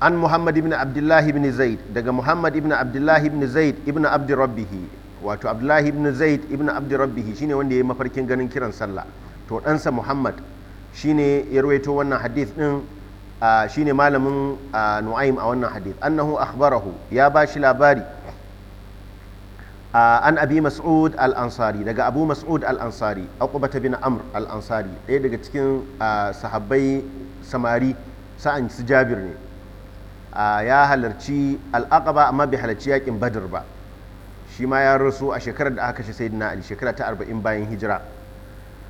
an muhammad ibn abdullah ibn zaid daga muhammad ibn abdullah ibn zaid ibn abd rabbihi wato abdullah ibn zaid ibn abd rabbihi shine wanda ya yi mafarkin ganin kiran sallah to ɗansa muhammad shine ya ruwaito wannan hadith din shine malamin nu'aim a wannan hadith annahu akhbarahu ya ba shi labari an abi mas'ud al-ansari daga abu mas'ud al-ansari aqubata bin amr al-ansari ɗaya daga cikin sahabbai samari sa'an su jabir ne ya halarci al'aqaba amma bai halarci yakin badir ba shi ma ya rasu a shekarar da aka kashe sayyidina ali shekara ta arba'in bayan hijira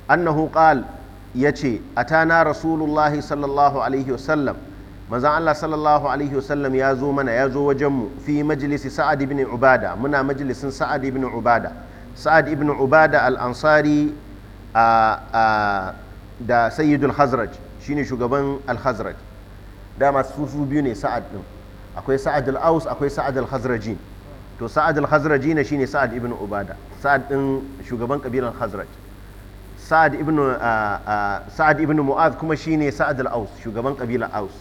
annahu kal. ya ce a tana rasulullahi sallallahu alaihi wasallam manzan Allah sallallahu alaihi wasallam ya zo mana ya zo wajenmu fi majalisi sa'ad ibn ubada muna majalisin sa'ad ibn ubada sa'ad ibn ubada al-ansari da sayyidul hazraj shine shugaban al-hazraj dama su su biyu ne sa'ad din akwai sa'ad al-aus akwai sa'ad al-hazrajin to sa'ad al-hazrajin shine sa'ad ibn ubada sa'ad din shugaban kabilan hazraj sa'ad ibn uh, uh, sa'ad kuma shi kuma sa'ad al’aus shugaban kabila aus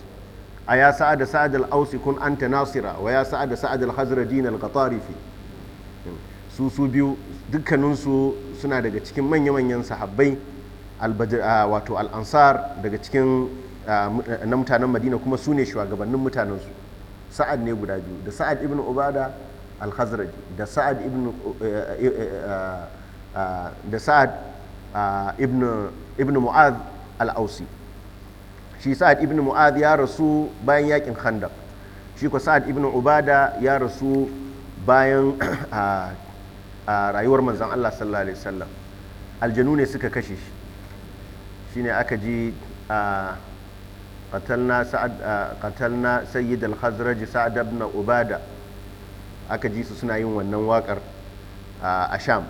a ya sa'ad sa'ad al’aus kun kun ta nasira wa ya sa'ad sa'ad al-hazrajin al-qatarifi su su biyu dukkaninsu suna daga cikin manya-manyan sahabbai uh, wato alansar daga cikin na mutanen madina kuma su ne shugabannin mutanensu sa'ad ne guda biyu da sa'ad ibn ubada al da sa'ad ibn da sa'ad ibn mu'ad al-ausi shi sa'ad ibn mu'ad ya rasu bayan yakin khandaq shi ko sa'ad ibn ubada ya rasu bayan a rayuwar manzan Allah sallallahu alaihi wasallam aljanu ne suka kashe shi shine aka ji qatalna sa'ad qatalna sayyid al-khazraj sa'ad ibn ubada aka ji su suna yin wannan wakar a sham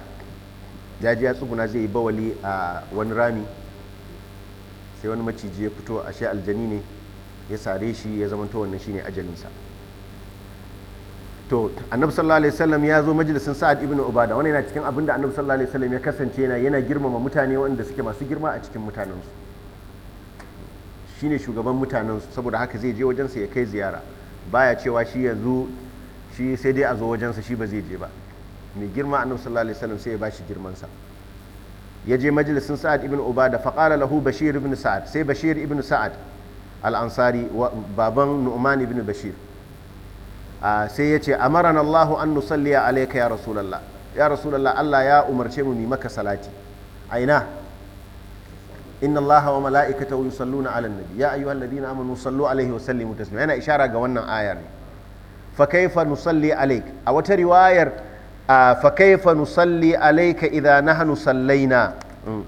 Jaji ya tsuguna zai yi bawali a wani rami sai wani maciji ya fito a shi aljani ne ya sare shi ya zamanto wannan shine ajalinsa to annabi sallallahu alaihi wasallam ya zo majalisin sa'ad ibn ubada wannan yana cikin abinda annabi sallallahu alaihi wasallam ya kasance yana yana girmama mutane wanda suke masu girma a cikin mutanen su shine shugaban mutanen su saboda haka zai je wajensa ya kai ziyara baya cewa shi yanzu shi sai dai a zo wajensa shi ba zai je ba mai girma annabi sallallahu alaihi wasallam sai ya bashi girman sa ya je majalisin sa'ad ibn ubada faqala lahu bashir ibn sa'ad sai bashir ibn sa'ad al-ansari baban nu'man ibn bashir sai ya ce amarana Allahu an nusalli alayka ya rasulullah ya rasulullah Allah ya umarce mu maka salati aina inna Allah wa mala'ikatahu yusalluna 'alan nabi ya ayyuhalladhina amanu sallu alayhi wa sallimu taslima yana ishara ga wannan ayar ne fa kaifa nusalli alayk a wata riwayar fa kaifa nusalli alayka idza nahnu sallaina mm.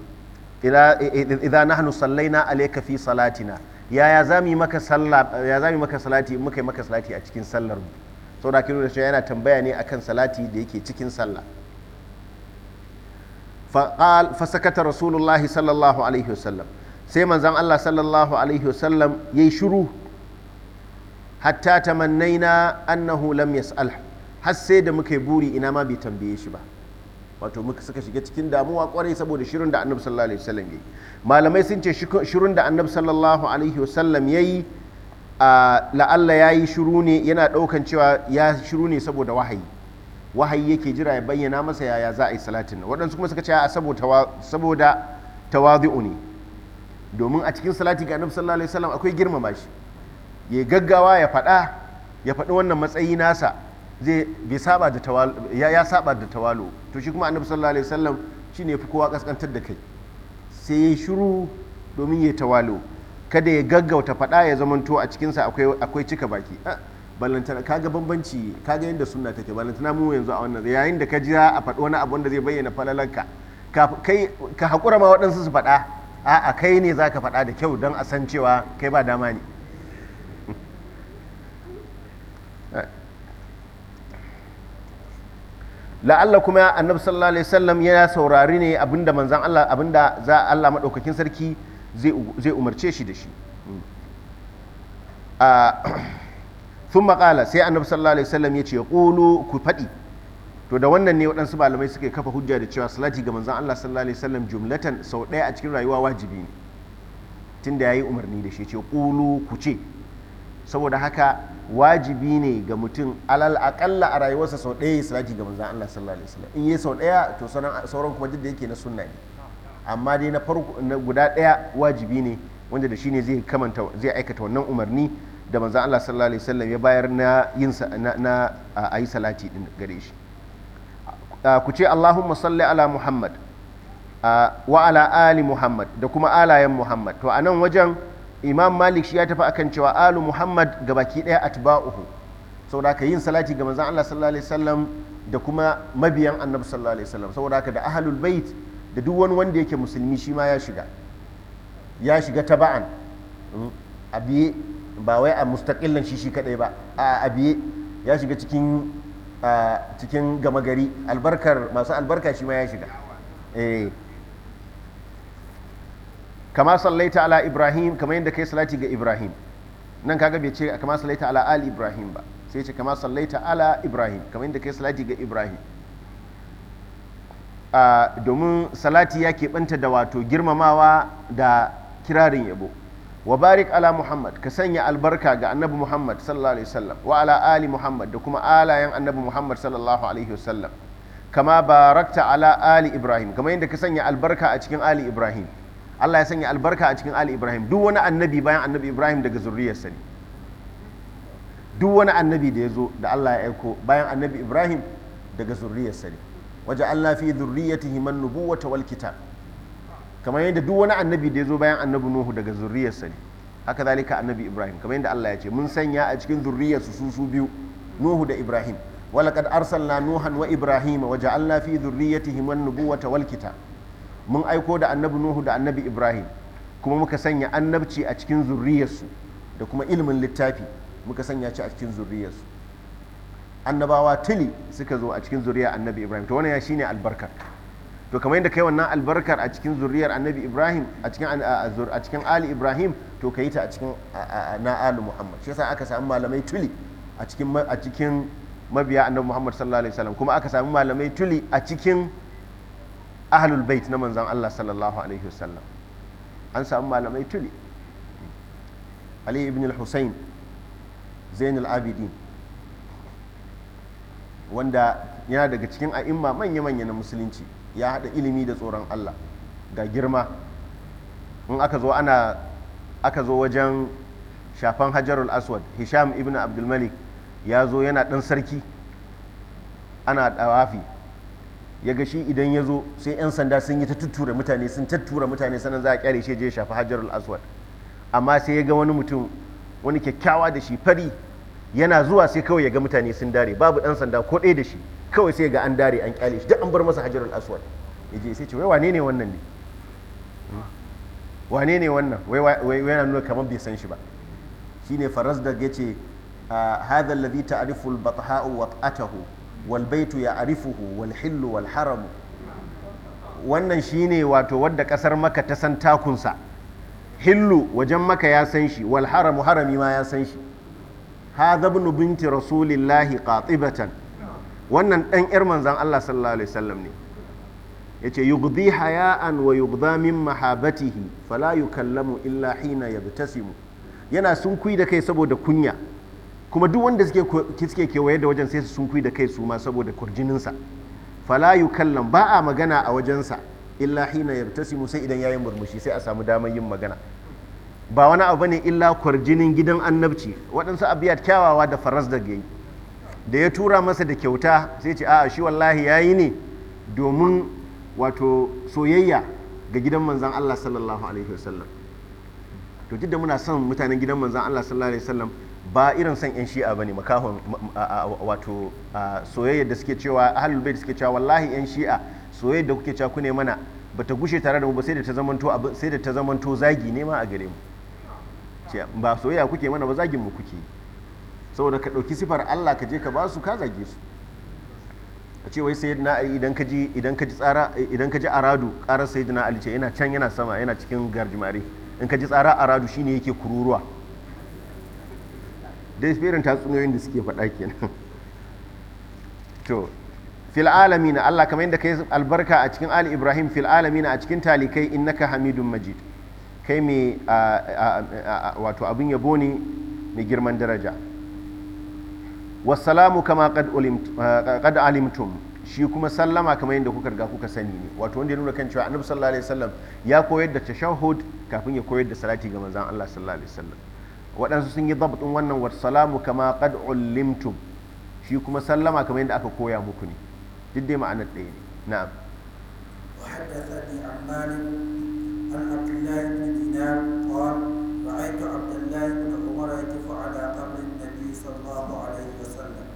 idza nahnu sallaina alayka fi salatina yaya za ya za mu maka salati muka yi maka salati a cikin sallar mu saboda kin nuna yana tambaya ne akan salati da yake cikin salla. فقال فسكت رسول الله صلى الله عليه وسلم sai manzan Allah sallallahu alaihi wasallam yayi shiru hatta tamannaina annahu lam yas'alhu har sai da muka yi buri ina ma bai tambaye shi ba wato muka suka shiga cikin damuwa kwarai saboda shirin da annabi sallallahu alaihi wasallam yayi malamai sun ce shirin da annabi sallallahu alaihi wasallam yayi la'alla yayi shiru ne yana daukan cewa ya shiru ne saboda wahayi wahayi yake jira ya bayyana masa yaya za a yi salatin nan waɗansu kuma suka ce a saboda tawazi'u ne domin a cikin salati ga annabi sallallahu alaihi wasallam akwai girmama shi ya gaggawa ya faɗa ya faɗi wannan matsayi nasa zai da ya saba da tawalo to shi kuma annabi sallallahu alaihi wasallam shine fi kowa kaskantar da kai sai ya shiru domin ya tawalo kada ya gaggauta faɗa ya zamanto a cikinsa akwai akwai cika baki ah, ballantana kaga bambanci kaga yadda sunna take ballantana mu yanzu a wannan yayin da ka jira a faɗo wani abu wanda zai bayyana falalanka kai ka hakura ma waɗansu su faɗa a'a kai ne zaka ka faɗa da kyau don a san cewa kai ba dama ne la'alla kuma annabi sallallahu alaihi wasallam ya saurari ne abinda manzon Allah abinda za Allah madaukakin sarki zai umarce shi da shi sun maƙala sai annabi sallallahu alaihi wasallam ya ce ƙulu ku faɗi to da wannan ne waɗansu malamai suke kafa hujja da cewa salati ga manzan Allah sallallahu alaihi wasallam jumlatan sau ɗaya a cikin rayuwa wajibi ne tunda yayi umarni da shi ya ce ƙulu ku ce saboda haka wajibi ne ga mutum alal akalla a rayuwarsa sau ɗaya ya salati ga manzan Allah sallallahu alaihi wasallam in yi sau ɗaya to sauran kuma duk da yake na sunna ne amma dai na farko na guda ɗaya wajibi ne wanda da shine zai zai aikata wannan umarni da manzan Allah sallallahu alaihi wasallam ya bayar na yin na a yi salati din gare shi ku ce Allahumma salli ala Muhammad wa ali Muhammad da kuma alayen Muhammad to a nan wajen imam malik shi ya tafi akan cewa alu muhammad ga baki daya atba'uhu saboda ka yin salati ga manzon Allah sallallahu alaihi wasallam da kuma mabiyan annabi sallallahu alaihi wasallam saboda ka da ahlul bait da duk wani wanda yake musulmi shi ma ya shiga ya shiga taba'an hmm? a biye ba wai a mustaqillan shi shi kadai ba a biye ya shiga cikin cikin gama gari albarkar masu albarka shi ma ya shiga eh kama sallaita ala ibrahim kama yadda kai salati ga ibrahim nan kaga bai ce kama sallaita ala ali ibrahim ba sai ce kama sallaita ala ibrahim kama yadda kai salati ga ibrahim domin salati ya keɓanta da wato girmamawa da kirarin yabo wa barik ala muhammad ka sanya albarka ga annabi muhammad sallallahu alaihi wasallam wa ala ali muhammad da kuma alayen annabi muhammad sallallahu alaihi wasallam kama barakta ala ali ibrahim kama yadda ka sanya albarka a cikin ali ibrahim Allah ya sanya albarka a cikin Ali Ibrahim duk wani annabi bayan annabi Ibrahim daga zurriyarsa ne duk wani annabi da ya zo da Allah ya aiko bayan annabi Ibrahim daga zurriyarsa ne waje Allah fi zurriyatihi man nubuwata wal kitab kamar yadda duk wani annabi da ya zo bayan annabi Nuhu daga zurriyarsa ne haka zalika annabi Ibrahim kamar yadda Allah ya ce mun sanya a cikin zurriyarsu su su biyu Nuhu da Ibrahim walaqad arsalna nuhan wa ibrahima wa ja'alna fi dhurriyyatihim an-nubuwata wal kitab mun aiko da annabi nuhu da annabi ibrahim kuma muka sanya annabci a cikin zurriyarsu da kuma ilimin littafi muka sanya ci a cikin zurriyarsu annabawa tili suka zo a cikin zuriyar annabi ibrahim to wannan ya shine albarkar to kamar yadda kai wannan albarkar a cikin zuriyar annabi ibrahim a cikin a cikin ali ibrahim to ka yi ta a cikin na ali muhammad shi yasa aka samu malamai tuli a cikin a cikin mabiya annabi muhammad sallallahu alaihi wasallam kuma aka samu malamai tuli a cikin ahlul bait na manzon Allah sallallahu alaihi wasallam an samu malamai tuli Ali ibn al-Husayn Zain al-Abidin wanda yana daga cikin a'imma manya-manya na musulunci ya haɗa ilimi da tsoron Allah ga girma in aka zo ana aka zo wajen shafan hajarul aswad hisham ibn abdulmalik ya zo yana ɗan sarki ana ɗawafi ya ga shi idan ya zo sai 'yan sanda sun yi ta tuttura mutane sun tattura mutane sanan za a kyare shi je shafi hajarul aswad amma sai ya ga wani mutum wani kyakkyawa da shi fari yana zuwa sai kawai ya ga mutane sun dare babu dan sanda ko ɗaya da shi kawai sai ga an dare an kyale shi duk an bar masa hajarul aswad ya je sai ce wai wane ne wannan ne wane ne wannan wai yana nuna kamar bai san shi ba shine faras da ya ce ah, hadha alladhi ta'rifu al-batha'u wat'atahu wal baitu ya'rifuhu wal hillu wal haramu wannan shine wato wadda kasar maka ta san takunsa hillu wajen maka ya san shi wal haramu harami ma ya san shi ha zabnu binti rasulillahi qatibatan wannan dan yar manzon Allah sallallahu alaihi wasallam ne yace yugdi haya'an wa yugda min mahabatihi fala yukallamu illa hina yabtasimu yana sunkui da kai saboda kunya kuma duk wanda suke kewaye da wajen sai su kuyi da kai su ma saboda kurjininsa fala yukallam ba a magana a wajensa illa hina yartasimu sai idan yayin murmushi sai a samu damar yin magana ba wani abu ne illa kwarjinin gidan annabci waɗansu abiyat kyawawa da faras da gai da ya tura masa da kyauta sai ce a'a shi wallahi yayi ne domin wato soyayya ga gidan manzan Allah sallallahu alaihi wasallam to duk da muna son mutanen gidan manzan Allah sallallahu alaihi wasallam ba irin son yan shi'a ba ne makahon wato soyayyar da suke cewa bai da suke cewa wallahi yan shi'a soyayyar da kuke cewa ku ne mana ta gushe tare da mu ba sai da ta zamanto sai da ta zamanto zagi ne ma a gare mu ba soyayya kuke mana ba zagin mu kuke saboda ka ɗauki sifar Allah ka je ka ba su ka zage su a ce wai sayyidina ali idan ka ji idan ka ji tsara idan ka ji aradu karar sayyidina ali ce yana can yana sama yana cikin garjimare in ka ji tsara aradu shine yake kururuwa dai irin tatsuniyoyin da suke faɗa kenan to fil alamina Allah kamar yadda kai albarka a cikin ali ibrahim fil alamina a cikin talikai innaka hamidun majid kai mai wato abin yabo ne mai girman daraja wasalamu kama kad alimtum shi kuma sallama kamar yadda kuka riga kuka sani ne wato wanda ya nuna kan cewa annabi sallallahu alaihi wasallam ya koyar da tashahhud kafin ya koyar da salati ga manzon Allah sallallahu alaihi wasallam waɗansu sun yi zabtun wannan wata salamu kama qad ullimtum shi kuma sallama kamar yadda aka koya muku ne duk dai ma'anar ɗaya ne na'am wa haddatha bi amman an abdullahi bin dinar qal ra'aytu abdullahi bin umar yaqifu ala qabri nabi sallallahu alayhi wa sallam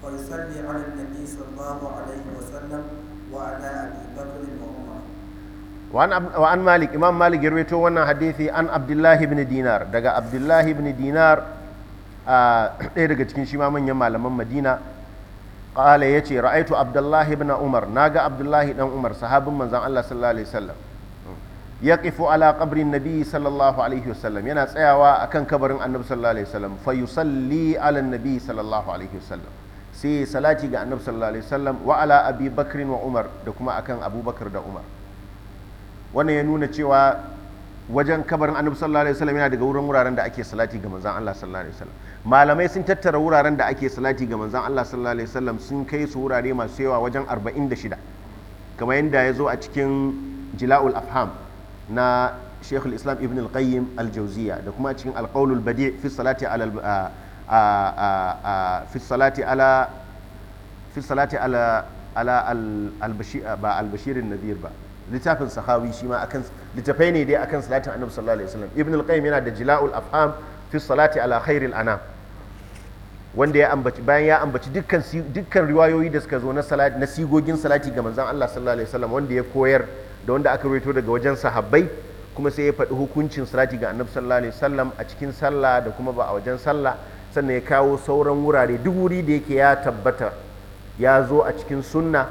fa yusalli ala nabi sallallahu alayhi sallam wa ala abi bakr wa وعن مالك إمام مالك يرويته وانا حديثي عن عبد الله بن دينار دقى عبد الله بن دينار daga cikin shi ma manyan malaman madina ƙala ya ce ra'aitu abdullahi ibn umar na ga abdullahi dan umar sahabin manzan allah sallallahu alaihi wasallam ya ƙifu ala ƙabrin nabi sallallahu alaihi wasallam yana tsayawa akan kabarin annabi sallallahu alaihi wasallam fa yusalli ala nabi sallallahu alaihi wasallam sai salati ga annabi sallallahu alaihi wasallam wa ala abi bakrin wa umar da kuma akan abubakar da umar wannan ya nuna cewa wajen kabarin annabi sallallahu alaihi wasallam yana daga wurin wuraren da ake salati ga manzon Allah sallallahu alaihi wasallam malamai sun tattara wuraren da ake salati ga manzon Allah sallallahu alaihi wasallam sun kai su wurare masu yawa wajen 46 kamar yadda ya zo a cikin jila'ul afham na Sheikh islam Ibn al-Qayyim al-Jawziya da kuma cikin al-Qaulul Badi fi salati ala fi salati ala fi salati ala ala al-bashir ba al-bashir an-nadir ba littafin sahawi shi ma akan littafai ne dai akan salatin annabi sallallahu alaihi wasallam ibn al-qayyim yana da jila'ul afham fi salati ala khairil anam wanda ya ambaci bayan ya ambaci dukkan dukkan riwayoyi da suka zo na salati na sigogin salati ga manzon Allah sallallahu alaihi wasallam wanda ya koyar da wanda aka rawaito daga wajen sahabbai kuma sai ya faɗi hukuncin salati ga annabi sallallahu alaihi wasallam a cikin sallah da kuma ba a wajen sallah sannan ya kawo sauran wurare duk wuri da yake ya tabbata ya zo a cikin sunna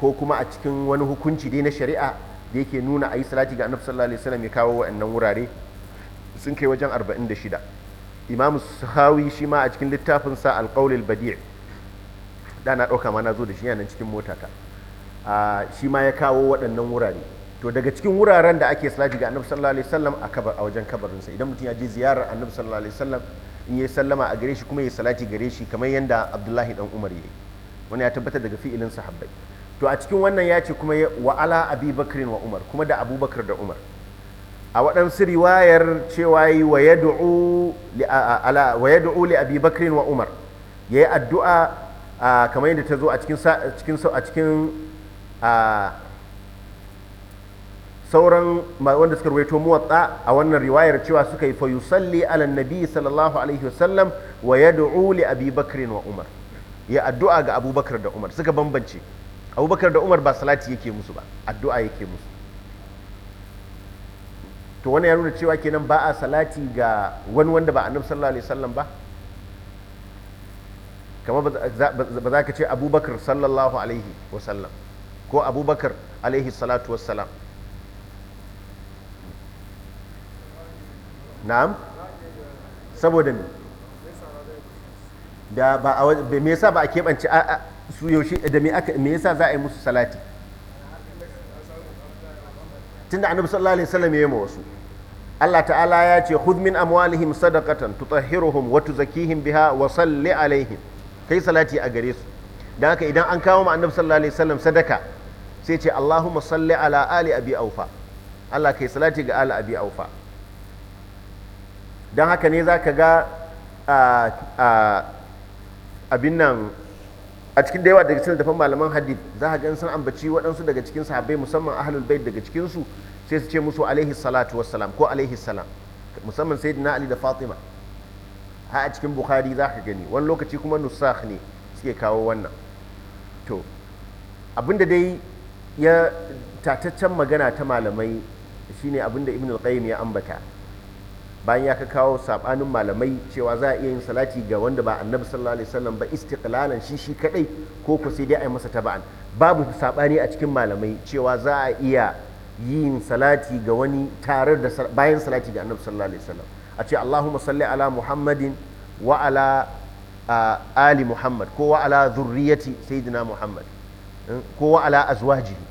ko kuma a cikin wani hukunci dai na shari'a da yake nuna a yi salati ga annabi sallallahu alaihi wasallam ya kawo wa'annan wurare sun kai wajen 46 imam sahawi shi ma a cikin littafin sa alqaulil badi' da na dauka ma na zo da shi yana cikin motata shi ma ya kawo waɗannan wurare to daga cikin wuraren da ake salati ga annabi sallallahu alaihi wasallam a kabar a wajen kabarinsa idan mutum ya je ziyarar annabi sallallahu alaihi wasallam in ya sallama a gare shi kuma ya salati gare shi kamar yadda abdullahi dan umar yayi wani ya tabbatar daga fi'ilin sahabbai to a cikin wannan ya ce kuma wa ala wa umar kuma da abubakar da umar a waɗansu riwayar cewa yi wa ya li abi wa umar ya yi addu'a kamar yadda ta zo a cikin sauran wanda suka ruwaito muwatsa a wannan riwayar cewa suka yi fa yusalli ala nabi sallallahu alaihi wasallam wa ya li abi wa umar ya addu'a ga abubakar da umar suka bambance abubakar da umar ba salati yake musu ba addu'a yake musu to wani ya nuna cewa kenan ba a salati ga wani wanda ba annabi sallallahu alaihi wasallam ba kamar ba za ka ce abubakar sallallahu alaihi wasallam ko abubakar alaihi salatu wasallam na'am saboda ne da ba a me yasa ba a keɓance su yaushe da me aka me yasa za a yi musu salati tunda annabi sallallahu alaihi wasallam ya yi ma wasu Allah ta'ala ya ce khudh min amwalihim sadaqatan tutahhiruhum wa tuzakkihim biha wa salli alaihim kai salati a gare su dan haka idan an kawo ma annabi sallallahu alaihi wasallam sadaka sai ce Allahumma salli ala ali abi aufa Allah kai salati ga ali abi aufa dan haka ne zaka ga abin nan a cikin da yawa daga cikin littafin malaman hadith za a ga sun ambaci waɗansu daga cikin sahabbai musamman ahlul bait daga cikinsu? su sai su ce musu alaihi salatu wassalam ko alaihi salam musamman sayyidina ali da fatima ha a cikin bukhari za ka gani wani lokaci kuma nusakh ne suke kawo wannan to abin da dai ya tataccen magana ta malamai shine abin da ibn al-qayyim ya ambata bayan ya kawo saɓanin malamai cewa za a iya yin salati ga wanda ba annabi sallallahu alaihi wasallam ba istiqlalan shi shi kadai ko ko sai dai a yi masa taba'an babu sabani a cikin malamai cewa za a iya yin salati ga wani tare da bayan salati ga annabi sallallahu alaihi wasallam a ce Allahumma salli ala Muhammadin wa ala ali Muhammad ko wa ala zurriyati sayyidina Muhammad eh, ko wa ala azwajihi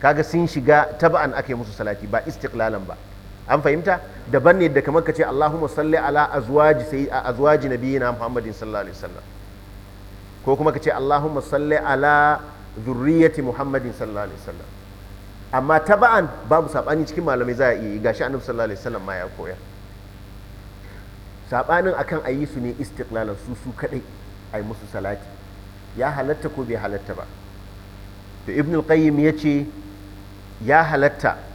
kaga sun shiga taba'an ake musu salati ba istiqlalan ba an fahimta daban ne da kamar ka ce Allahumma salli ala azwaji sai a azwaji nabiyina Muhammadin sallallahu alaihi wasallam ko kuma ka ce Allahumma salli ala zurriyyati Muhammadin sallallahu alaihi wasallam amma taba'an babu sabani cikin malamai za a iya yi gashi annabi sallallahu alaihi wasallam ma ya koya sabanin akan ayi su ne istiqlalan su su kadai ai musu salati ya halatta ko bai halatta ba to ibn al-qayyim yace ya halatta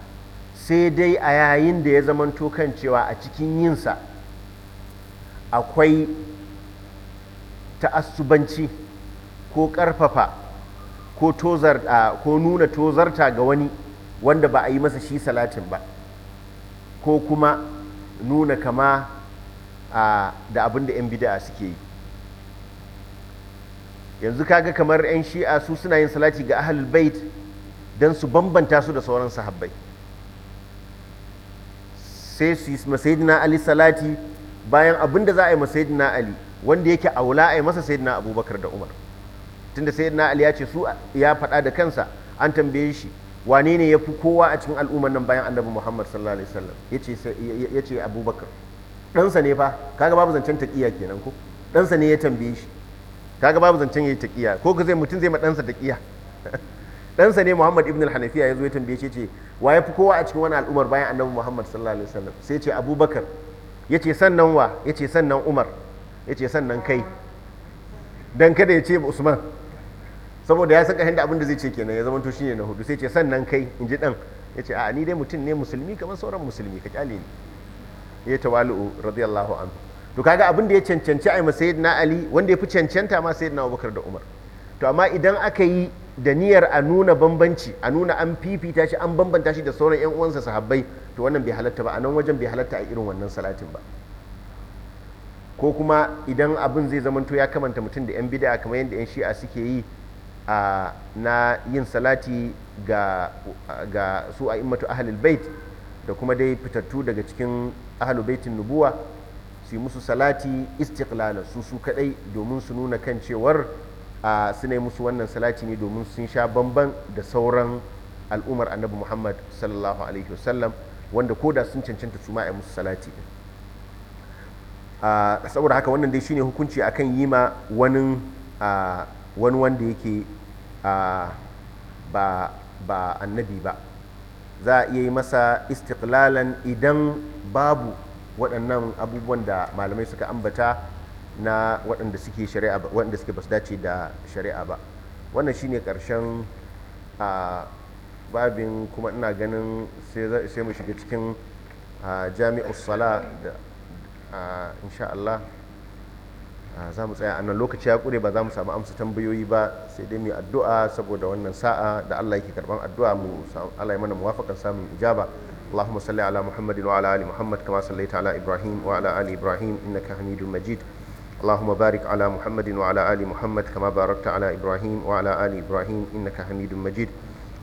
sai dai a yayin da ya zamanto kan cewa a cikin yinsa akwai ta'assubanci ko ƙarfafa ko nuna tozarta ga wani wanda ba a yi masa shi salatin ba ko kuma nuna kama da abin da 'yan bida'a suke yi yanzu kaga kamar 'yan shi'a su suna yin salati ga ahlul bait don su bambanta su da sauran sahabbai sai su yi masayidina ali salati bayan abin da za a yi masayidina ali wanda yake aula a yi masa sayidina abubakar da umar tunda sayidina ali ya ce su ya faɗa da kansa an tambaye shi wane ne ya fi kowa a cikin al'ummar nan bayan annabi muhammad sallallahu alaihi wasallam ya ce abubakar ɗansa ne fa kaga babu zancen taƙiya kenan ko ɗansa ne ya tambaye shi kaga babu zancen ya yi taƙiya ko ka zai mutum zai ma ɗansa taƙiya [laughs] ɗansa ne muhammad ibn al-hanafiya ya zo ya tambaye shi ce wa ya fi kowa a cikin wani al'umar bayan annabi muhammad sallallahu alaihi wasallam sai ce abubakar ya ce sannan wa ya ce sannan umar ya ce sannan kai dan kada ya ce usman saboda ya san ƙarshen da abin da zai ce kenan ya zama to shine na hudu sai ce sannan kai in ji dan ya ce a ni dai mutum ne musulmi kamar sauran musulmi ka kyale ni ya tawalu radiyallahu anhu to kaga abin da ya cancanci a sayyidina ali wanda ya fi cancanta ma sayyidina abubakar da umar to amma idan aka yi da niyyar a nuna bambanci a nuna an fifita shi an bambanta shi da sauran 'yan uwansa sahabbai to wannan bai halatta ba a nan wajen bai halatta a irin wannan salatin ba ko kuma idan abin zai zamanto ya kamanta mutum da 'yan bida kamar yadda 'yan shi'a suke yi a na yin salati ga, su a immatu ahalul bait da kuma dai fitattu daga cikin ahalul baitin nubuwa su yi musu salati istiklala su su kadai domin su nuna kan cewar suna musu wannan salati ne domin sun sha bamban da sauran al'ummar annabi muhammad sallallahu alaihi wasallam wanda ko da sun cancanta su ma musu salati saboda haka wannan dai shi ne hukunci akan yi ma wani wanda yake ba ba annabi ba za a iya yi masa istiklalan idan babu waɗannan abubuwan da malamai suka ambata na waɗanda suke shari'a ba waɗanda suke basu dace da shari'a ba wannan shine karshen a babin kuma ina ganin sai mu shiga cikin jami'ar sala da insha Allah za mu tsaya a nan lokaci ya kure ba za mu samu amsa tambayoyi ba sai dai mu addu'a saboda wannan sa'a da Allah yake karban addu'a mu Allah ya mana muwafaqan samun ijaba اللهم صل على محمد وعلى ال محمد كما صليت على ابراهيم وعلى ال ابراهيم انك حميد مجيد اللهم بارك على محمد وعلى آل محمد كما باركت على إبراهيم وعلى آل إبراهيم إنك حميد مجيد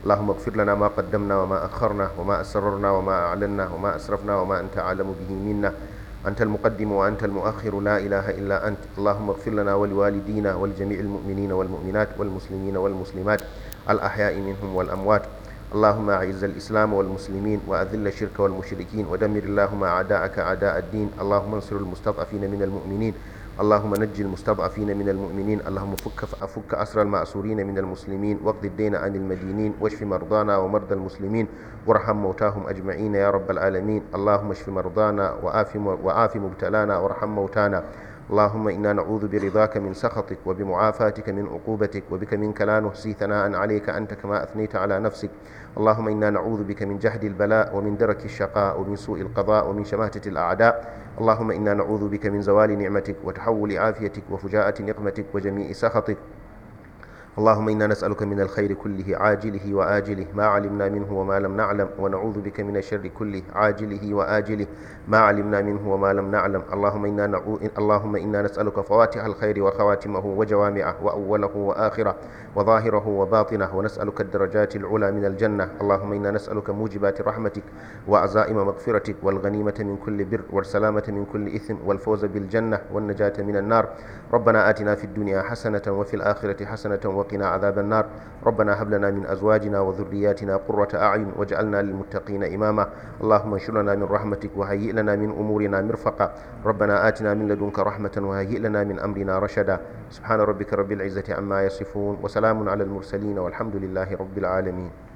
اللهم اغفر لنا ما قدمنا وما أخرنا وما أسررنا وما أعلنا وما أسرفنا وما أنت أعلم به منا أنت المقدم وأنت المؤخر لا إله إلا أنت اللهم اغفر لنا ولوالدينا ولجميع المؤمنين والمؤمنات والمسلمين والمسلمات الأحياء منهم والأموات اللهم أعز الإسلام والمسلمين وأذل الشرك والمشركين ودمر اللهم أعداءك أعداء الدين اللهم انصر المستضعفين من المؤمنين اللهم نج المستضعفين من المؤمنين اللهم فك فك أسر المأسورين من المسلمين واقض الدين عن المدينين واشف مرضانا ومرضى المسلمين وارحم موتاهم أجمعين يا رب العالمين اللهم اشف مرضانا وآف وآف مبتلانا وارحم موتانا اللهم إنا نعوذ برضاك من سخطك وبمعافاتك من عقوبتك وبك منك لا نحصي ثناء عليك أنت كما أثنيت على نفسك اللهم إنا نعوذ بك من جهد البلاء ومن درك الشقاء ومن سوء القضاء ومن شماتة الأعداء اللهم إنا نعوذ بك من زوال نعمتك وتحول عافيتك وفجاءة نقمتك وجميع سخطك اللهم إنا نسألك من الخير كله عاجله وآجله ما علمنا منه وما لم نعلم ونعوذ بك من الشر كله عاجله وآجله ما علمنا منه وما لم نعلم اللهم إنا, نعو... اللهم إنا نسألك فواتح الخير وخواتمه وجوامعه وأوله وآخره وظاهره وباطنه ونسألك الدرجات العلى من الجنة اللهم إنا نسألك موجبات رحمتك وعزائم مغفرتك والغنيمة من كل بر والسلامة من كل إثم والفوز بالجنة والنجاة من النار ربنا آتنا في الدنيا حسنة وفي الآخرة حسنة وقنا عذاب النار ربنا هب لنا من أزواجنا وذرياتنا قرة أعين واجعلنا للمتقين إماما اللهم انشر لنا من رحمتك وهيئ لنا من أمورنا مرفقا ربنا آتنا من لدنك رحمة وهيئ لنا من أمرنا رشدا سبحان ربك رب العزة عما يصفون وسلام على المرسلين والحمد لله رب العالمين